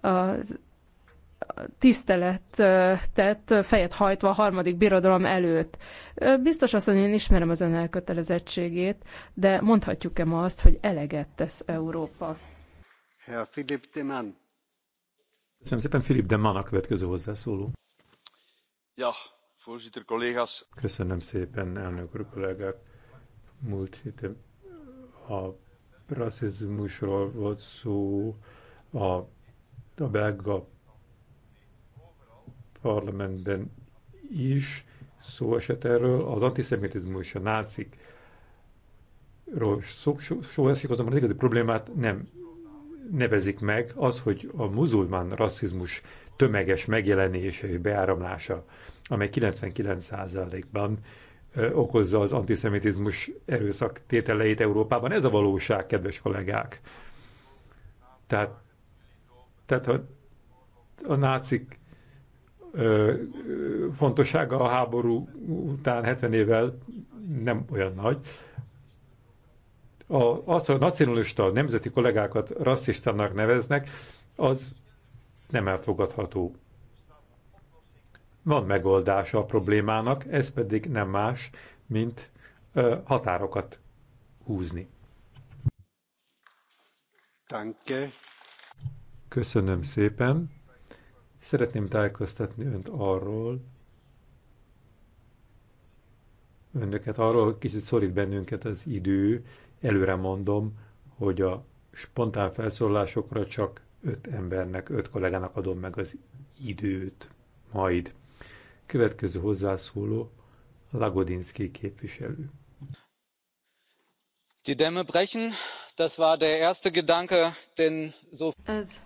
az tiszteletet fejet hajtva a harmadik birodalom előtt. Biztos azt, mondja, én ismerem az ön elkötelezettségét, de mondhatjuk-e ma azt, hogy eleget tesz Európa? Herr Philipp de Mann. Köszönöm szépen, Philipp de Mann a következő hozzászóló. Ja, voorzitter, kollégás. Köszönöm szépen, elnök úr, kollégák. Múlt héten a rasszizmusról volt szó, a, a belga parlamentben is szó esett erről, az antiszemitizmus, a nácik szó, szó, szó esik, azonban az igazi problémát nem nevezik meg, az, hogy a muzulmán rasszizmus tömeges megjelenése és beáramlása, amely 99%-ban okozza az antiszemitizmus erőszak tételeit Európában. Ez a valóság, kedves kollégák. Tehát, tehát ha a nácik fontossága a háború után 70 évvel nem olyan nagy. A, az, hogy nacionalista nemzeti kollégákat rasszistának neveznek, az nem elfogadható. Van megoldása a problémának, ez pedig nem más, mint ö, határokat húzni. Danke. Köszönöm szépen. Szeretném tájékoztatni önt arról, önöket arról, kicsit szorít bennünket az idő, előre mondom, hogy a spontán felszólásokra csak öt embernek, öt kollégának adom meg az időt majd. Következő hozzászóló Lagodinski képviselő. Die Dämme brechen, das war der erste Gedanke, denn so... Ez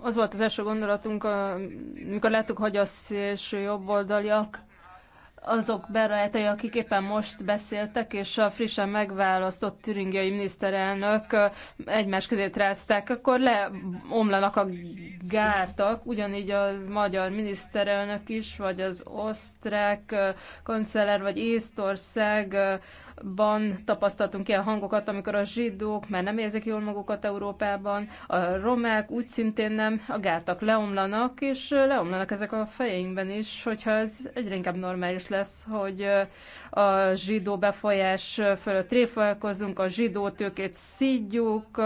az volt az első gondolatunk, amikor láttuk, hogy a szélső jobboldaliak azok barátai, akik éppen most beszéltek, és a frissen megválasztott türingiai miniszterelnök egymás közé rázták, akkor leomlanak a gártak, ugyanígy az magyar miniszterelnök is, vagy az osztrák kancellár, vagy Észtország Európában tapasztaltunk ilyen hangokat, amikor a zsidók már nem érzik jól magukat Európában, a romák úgy szintén nem, a gártak leomlanak, és leomlanak ezek a fejeinkben is, hogyha ez egyre inkább normális lesz, hogy a zsidó befolyás fölött réfalkozunk, a zsidó tőkét szídjuk,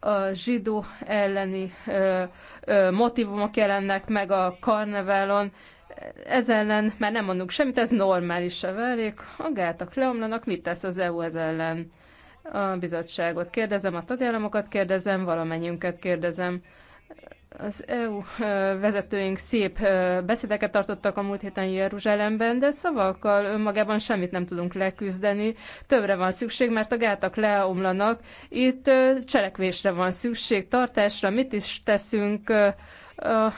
a zsidó elleni ö, ö, motivumok jelennek meg a karneválon, ez ellen már nem mondunk semmit, ez normális a válik. A gátak leomlanak, mit tesz az EU ez ellen? A bizottságot kérdezem, a tagállamokat kérdezem, valamennyünket kérdezem. Az EU vezetőink szép beszédeket tartottak a múlt héten Jeruzsálemben, de szavakkal önmagában semmit nem tudunk leküzdeni. Többre van szükség, mert a gátak leomlanak. Itt cselekvésre van szükség, tartásra, mit is teszünk a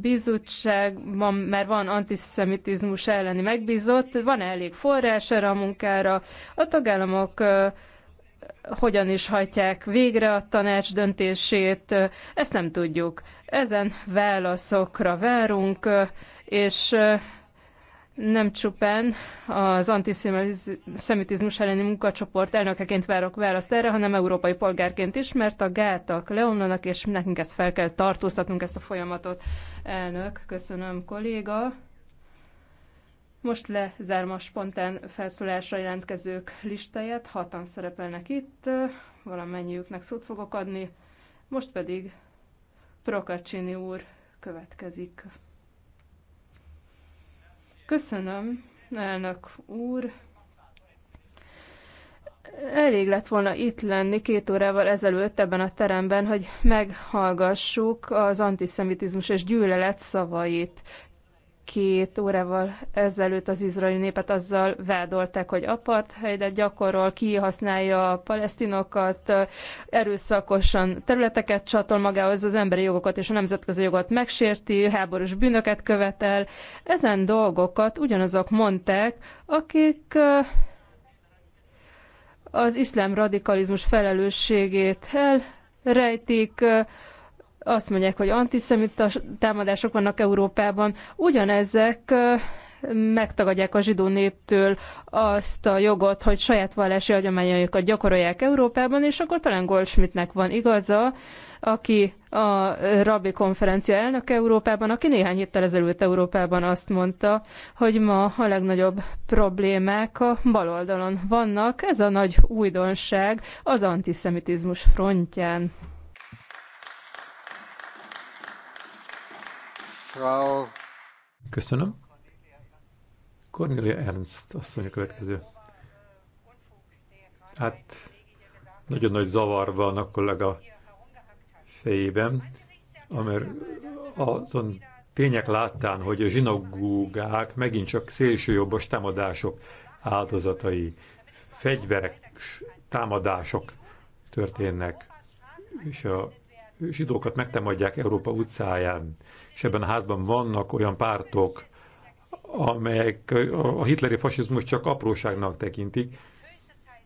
bizottságban mert van antiszemitizmus elleni megbízott, van -e elég forrás erre a munkára, a tagállamok hogyan is hajtják végre a tanács döntését, ezt nem tudjuk. Ezen válaszokra várunk, és nem csupán az antiszemitizmus elleni munkacsoport elnökeként várok választ erre, hanem európai polgárként is, mert a gátak leomlanak, és nekünk ezt fel kell tartóztatnunk, ezt a folyamatot. Elnök, köszönöm, kolléga. Most lezárom a spontán felszólásra jelentkezők listáját. Hatan szerepelnek itt, valamennyiüknek szót fogok adni. Most pedig Prokacsini úr következik. Köszönöm, elnök úr. Elég lett volna itt lenni két órával ezelőtt ebben a teremben, hogy meghallgassuk az antiszemitizmus és gyűlölet szavait két órával ezelőtt az izraeli népet azzal vádolták, hogy apartheidet gyakorol, kihasználja a palesztinokat, erőszakosan területeket csatol magához, az emberi jogokat és a nemzetközi jogot megsérti, háborús bűnöket követel. Ezen dolgokat ugyanazok mondták, akik eh, az iszlám radikalizmus felelősségét elrejtik, eh, azt mondják, hogy antiszemita támadások vannak Európában, ugyanezek megtagadják a zsidó néptől azt a jogot, hogy saját vallási hagyományaikat gyakorolják Európában, és akkor talán Goldschmidtnek van igaza, aki a rabbi konferencia elnök Európában, aki néhány héttel ezelőtt Európában azt mondta, hogy ma a legnagyobb problémák a baloldalon vannak. Ez a nagy újdonság az antiszemitizmus frontján. Köszönöm. Cornelia Ernst asszony a következő. Hát, nagyon nagy zavar van a kollega fejében, amert azon tények láttán, hogy a zsinagógák megint csak szélsőjobbos támadások áldozatai, fegyverek, támadások történnek, és a zsidókat megtámadják Európa utcáján és ebben a házban vannak olyan pártok, amelyek a hitleri fasizmus csak apróságnak tekintik,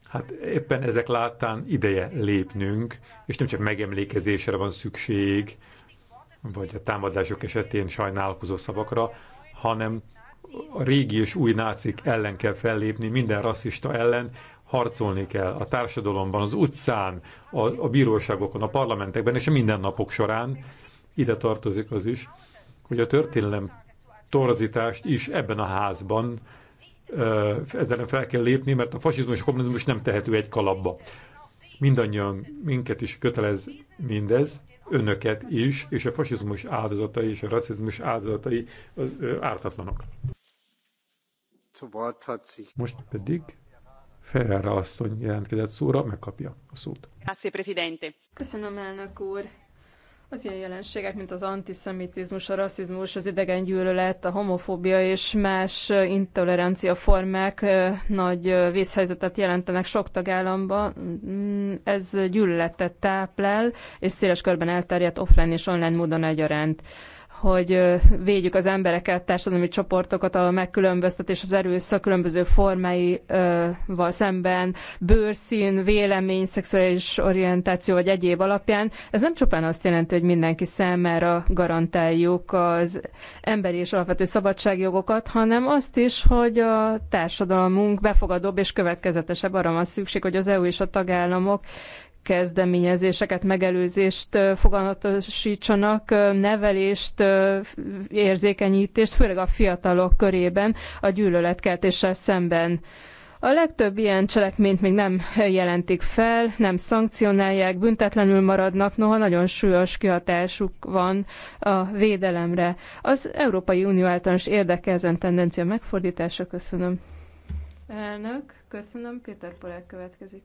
hát éppen ezek láttán ideje lépnünk, és nem csak megemlékezésre van szükség, vagy a támadások esetén sajnálkozó szavakra, hanem a régi és új nácik ellen kell fellépni, minden rasszista ellen, harcolni kell a társadalomban, az utcán, a, a bíróságokon, a parlamentekben és a mindennapok során, ide tartozik az is, hogy a történelem torzítást is ebben a házban ezzel fel kell lépni, mert a fasizmus és a kommunizmus nem tehető egy kalapba. Mindannyian minket is kötelez mindez, önöket is, és a fasizmus áldozatai és a rasszizmus áldozatai az ártatlanok. Most pedig Ferrara asszony jelentkezett szóra, megkapja a szót. Köszönöm, elnök úr. Az ilyen jelenségek, mint az antiszemitizmus, a rasszizmus, az idegengyűlölet, a homofóbia és más intolerancia formák nagy vészhelyzetet jelentenek sok tagállamban. Mm, ez gyűlöletet táplál, és széles körben elterjedt offline és online módon egyaránt hogy védjük az embereket, társadalmi csoportokat a megkülönböztetés, az erőszak különböző formáival szemben, bőrszín, vélemény, szexuális orientáció vagy egyéb alapján. Ez nem csupán azt jelenti, hogy mindenki számára garantáljuk az emberi és alapvető szabadságjogokat, hanem azt is, hogy a társadalmunk befogadóbb és következetesebb arra van szükség, hogy az EU és a tagállamok kezdeményezéseket, megelőzést foganatosítsanak, nevelést, érzékenyítést, főleg a fiatalok körében a gyűlöletkeltéssel szemben. A legtöbb ilyen cselekményt még nem jelentik fel, nem szankcionálják, büntetlenül maradnak, noha nagyon súlyos kihatásuk van a védelemre. Az Európai Unió általános érdeke ezen tendencia megfordítása. Köszönöm. Elnök, köszönöm. Péter Polák következik.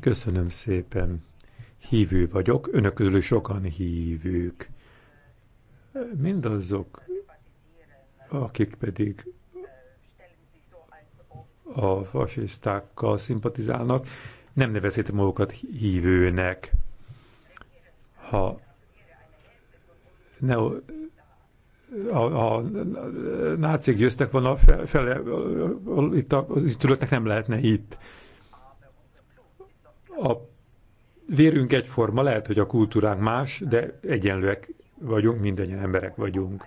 Köszönöm szépen. Hívő vagyok, önök közül sokan hívők. Mindazok, akik pedig a fasisztákkal szimpatizálnak, nem nevezhetem magukat hívőnek. Ha ne a, a, a nácik győztek volna fele, itt a, az ügytülöttnek nem lehetne itt. A vérünk egyforma, lehet, hogy a kultúránk más, de egyenlőek vagyunk, mindannyian emberek vagyunk.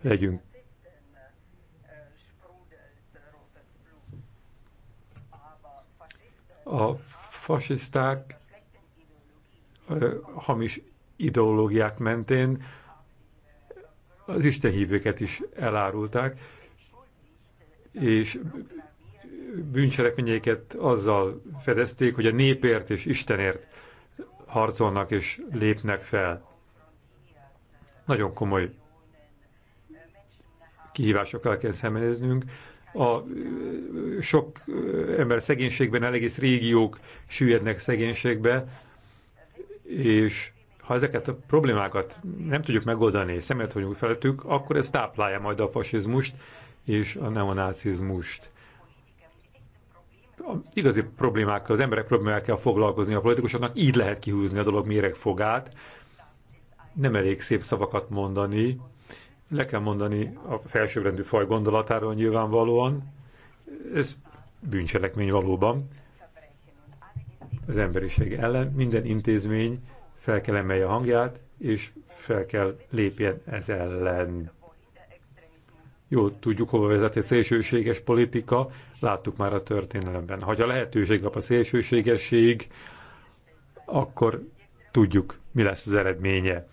Legyünk a fasiszták hamis ideológiák mentén az istenhívőket is elárulták, és bűncselekményeiket azzal fedezték, hogy a népért és Istenért harcolnak és lépnek fel. Nagyon komoly kihívásokkal kell szembenéznünk. A sok ember szegénységben, el régiók süllyednek szegénységbe, és ha ezeket a problémákat nem tudjuk megoldani, szemet vagyunk felettük, akkor ez táplálja majd a fasizmust és a neonácizmust. A igazi problémákkal, az emberek problémákkal foglalkozni a politikusoknak, így lehet kihúzni a dolog méregfogát. Nem elég szép szavakat mondani, le kell mondani a felsőrendű faj gondolatáról nyilvánvalóan. Ez bűncselekmény valóban. Az emberiség ellen minden intézmény fel kell emelje a hangját, és fel kell lépjen ez ellen. Jó, tudjuk, hova vezet egy szélsőséges politika, láttuk már a történelemben. Ha a lehetőség kap a szélsőségesség, akkor tudjuk, mi lesz az eredménye.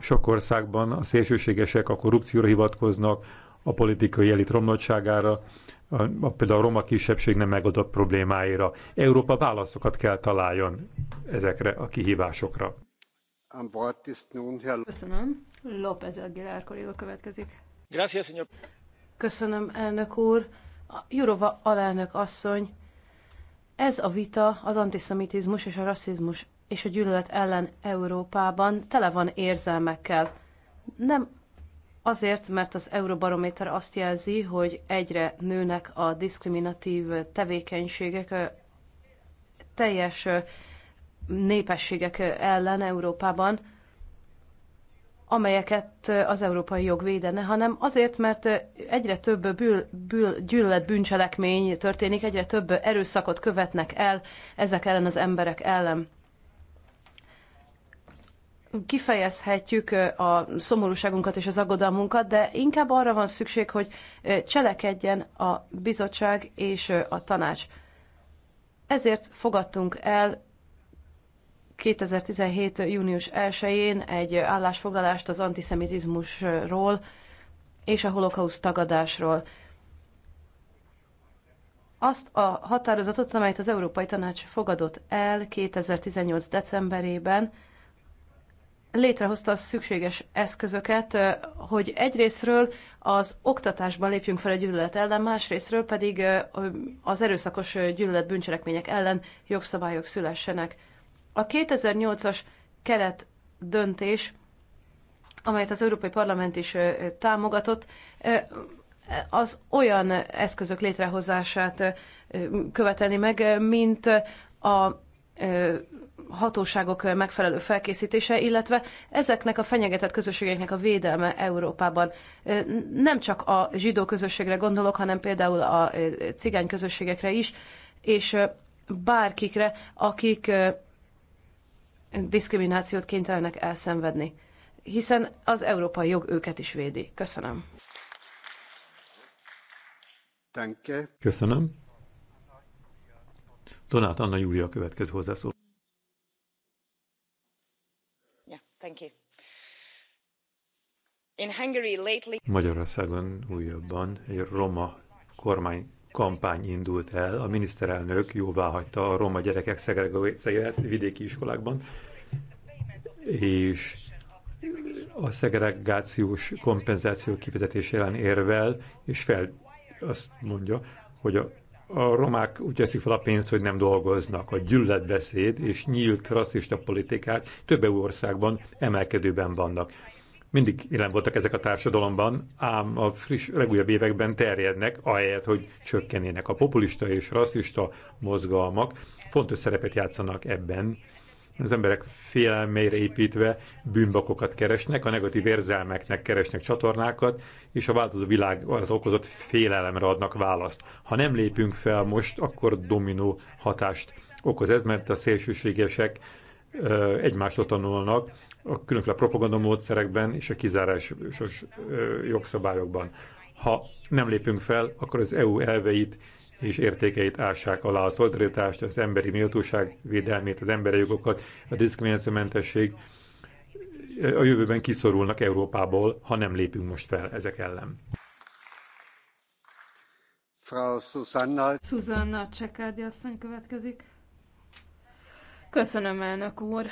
Sok országban a szélsőségesek a korrupcióra hivatkoznak, a politikai elit romlottságára, a, a, például a roma kisebbség nem megadott problémáira. Európa válaszokat kell találjon ezekre a kihívásokra. Köszönöm. López Aguilar kolléga következik. Gracias, señor. Köszönöm, elnök úr. A Jurova alelnök asszony. Ez a vita az antiszemitizmus és a rasszizmus és a gyűlölet ellen Európában tele van érzelmekkel. Nem Azért, mert az Euróbarométer azt jelzi, hogy egyre nőnek a diszkriminatív tevékenységek teljes népességek ellen Európában, amelyeket az európai jog védene, hanem azért, mert egyre több bűl, bűl, gyűlölet bűncselekmény történik, egyre több erőszakot követnek el ezek ellen az emberek ellen kifejezhetjük a szomorúságunkat és az aggodalmunkat, de inkább arra van szükség, hogy cselekedjen a bizottság és a tanács. Ezért fogadtunk el 2017. június 1-én egy állásfoglalást az antiszemitizmusról és a holokausz tagadásról. Azt a határozatot, amelyet az Európai Tanács fogadott el 2018. decemberében, létrehozta a szükséges eszközöket, hogy egyrésztről az oktatásban lépjünk fel a gyűlölet ellen, másrésztről pedig az erőszakos gyűlölet bűncselekmények ellen jogszabályok szülessenek. A 2008-as keret döntés, amelyet az Európai Parlament is támogatott, az olyan eszközök létrehozását követelni meg, mint a hatóságok megfelelő felkészítése, illetve ezeknek a fenyegetett közösségeknek a védelme Európában. Nem csak a zsidó közösségre gondolok, hanem például a cigány közösségekre is, és bárkikre, akik diszkriminációt kénytelenek elszenvedni. Hiszen az európai jog őket is védi. Köszönöm. Köszönöm. Donát Anna Júlia következő hozzászól. Magyarországon újabban egy roma kormány kampány indult el. A miniszterelnök jóvá hagyta a roma gyerekek szegregációját vidéki iskolákban, és a szegregációs kompenzáció kifizetés ellen érvel, és fel azt mondja, hogy a a romák úgy veszik fel a pénzt, hogy nem dolgoznak. A gyűlöletbeszéd és nyílt rasszista politikák több EU országban emelkedőben vannak. Mindig jelen voltak ezek a társadalomban, ám a friss, legújabb években terjednek, ahelyett, hogy csökkenének. A populista és rasszista mozgalmak fontos szerepet játszanak ebben, az emberek félelmére építve bűnbakokat keresnek, a negatív érzelmeknek keresnek csatornákat, és a változó világ az okozott félelemre adnak választ. Ha nem lépünk fel most, akkor dominó hatást okoz ez, mert a szélsőségesek egymástól tanulnak a különféle propaganda módszerekben és a kizárásos jogszabályokban. Ha nem lépünk fel, akkor az EU elveit és értékeit ássák alá a szolidaritást, az emberi méltóság védelmét, az emberi jogokat, a diszkriminációmentesség a jövőben kiszorulnak Európából, ha nem lépünk most fel ezek ellen. Frau Susanna. Susanna Csekádi asszony következik. Köszönöm, elnök úr.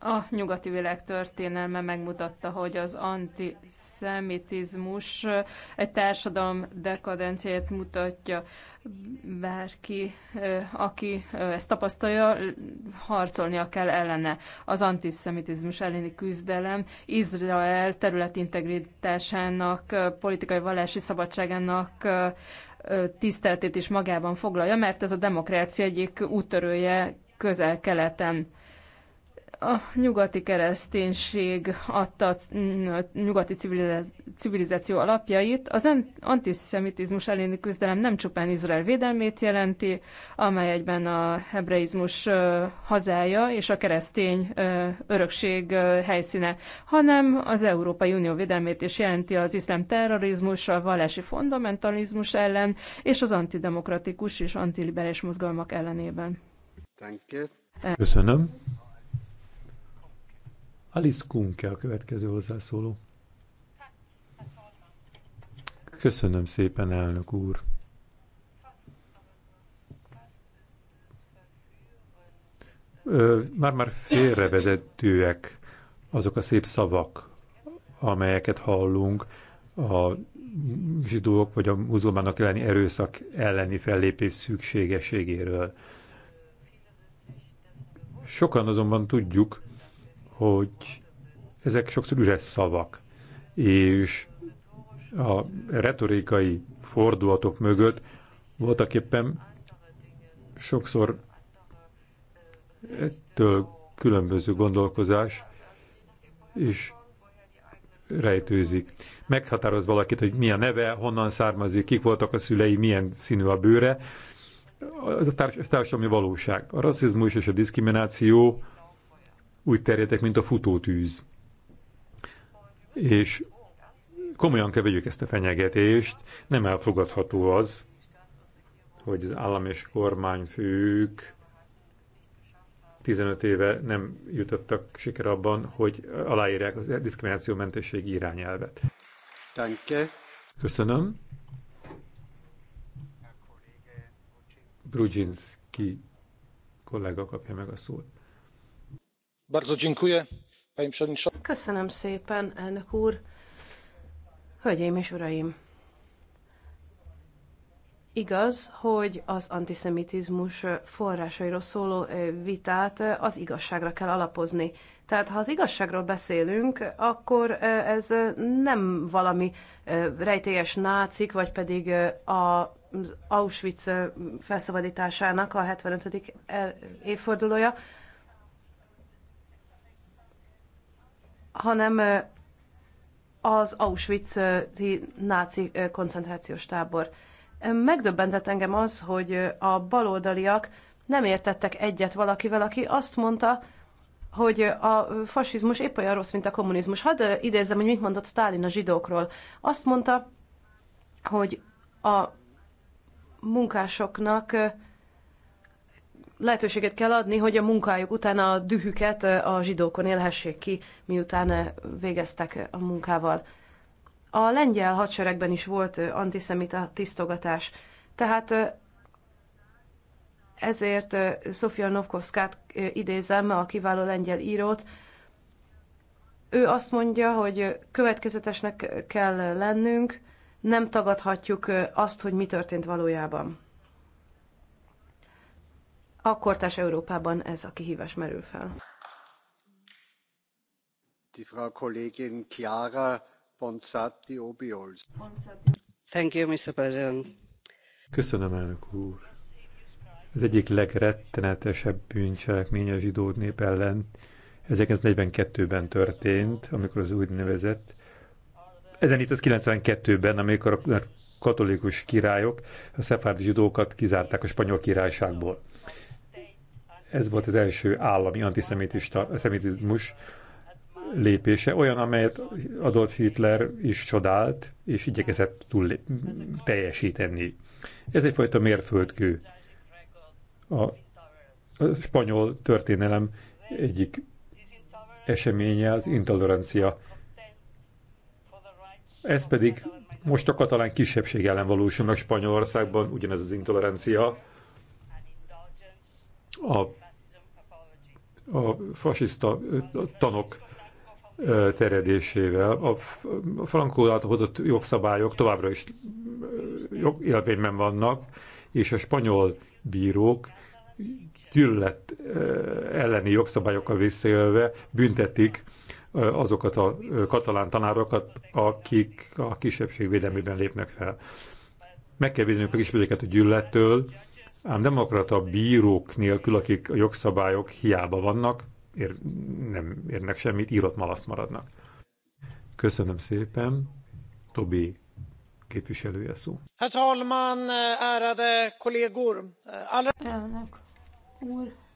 A nyugati világ történelme megmutatta, hogy az antiszemitizmus egy társadalom dekadenciát mutatja. Bárki, aki ezt tapasztalja, harcolnia kell ellene. Az antiszemitizmus elleni küzdelem Izrael terület integritásának, politikai vallási szabadságának tiszteletét is magában foglalja, mert ez a demokrácia egyik úttörője közel-keleten a nyugati kereszténység adta a nyugati civilizáció alapjait, az antiszemitizmus elleni küzdelem nem csupán Izrael védelmét jelenti, amely egyben a hebreizmus hazája és a keresztény örökség helyszíne, hanem az Európai Unió védelmét is jelenti az iszlám terrorizmus, a vallási fundamentalizmus ellen és az antidemokratikus és antiliberális mozgalmak ellenében. Köszönöm. Alice Kunke a következő hozzászóló. Köszönöm szépen, elnök úr. Már-már félrevezetőek azok a szép szavak, amelyeket hallunk a zsidók vagy a muzulmánok elleni erőszak elleni fellépés szükségességéről. Sokan azonban tudjuk, hogy ezek sokszor üres szavak, és a retorikai fordulatok mögött voltak éppen sokszor ettől különböző gondolkozás, és rejtőzik. Meghatároz valakit, hogy mi a neve, honnan származik, kik voltak a szülei, milyen színű a bőre. Ez a társ, társadalmi valóság. A rasszizmus és a diszkrimináció úgy terjedtek, mint a futótűz. És komolyan kell vegyük ezt a fenyegetést, nem elfogadható az, hogy az állam és kormányfők 15 éve nem jutottak siker abban, hogy aláírják az diszkriminációmentesség irányelvet. Danke. Köszönöm. Brudzinski kollega kapja meg a szót. Köszönöm szépen, elnök úr! Hölgyeim és uraim! Igaz, hogy az antiszemitizmus forrásairól szóló vitát az igazságra kell alapozni. Tehát ha az igazságról beszélünk, akkor ez nem valami rejtélyes nácik, vagy pedig az Auschwitz felszabadításának a 75. évfordulója, hanem az Auschwitz-i náci koncentrációs tábor. Megdöbbentett engem az, hogy a baloldaliak nem értettek egyet valakivel, aki azt mondta, hogy a fasizmus épp olyan rossz, mint a kommunizmus. Hadd idézem, hogy mit mondott Stálin a zsidókról. Azt mondta, hogy a munkásoknak lehetőséget kell adni, hogy a munkájuk után a dühüket a zsidókon élhessék ki, miután végeztek a munkával. A lengyel hadseregben is volt antiszemita tisztogatás, tehát ezért Sofia Novkovszkát idézem, a kiváló lengyel írót. Ő azt mondja, hogy következetesnek kell lennünk, nem tagadhatjuk azt, hogy mi történt valójában. A kortás Európában ez a kihívás merül fel. Die Frau Kollegin Chiara Ponsatti Obiols. Thank you, Mr. President. Köszönöm, elnök úr. Az egyik legrettenetesebb bűncselekmény a zsidó nép ellen 1942-ben történt, amikor az úgynevezett 1792-ben, amikor a katolikus királyok a szefárd zsidókat kizárták a spanyol királyságból. Ez volt az első állami antiszemitizmus lépése, olyan, amelyet Adolf Hitler is csodált, és igyekezett túl teljesíteni. Ez egyfajta mérföldkő. A, a spanyol történelem egyik eseménye az intolerancia. Ez pedig most a katalán kisebbség ellen valósul meg Spanyolországban, ugyanez az intolerancia, a, a fasiszta tanok terjedésével. A frankó által hozott jogszabályok továbbra is jogélvényben vannak, és a spanyol bírók gyűlölet elleni jogszabályokkal visszaélve büntetik azokat a katalán tanárokat, akik a kisebbség védelmében lépnek fel. Meg kell védenünk a kisebbségeket a gyűlölettől, Ám demokrata bírók nélkül, akik a jogszabályok hiába vannak, ér, nem érnek semmit, írott malasz maradnak. Köszönöm szépen. Tobi képviselője szó. Herr talman, ärade kollégor! Elnök úr,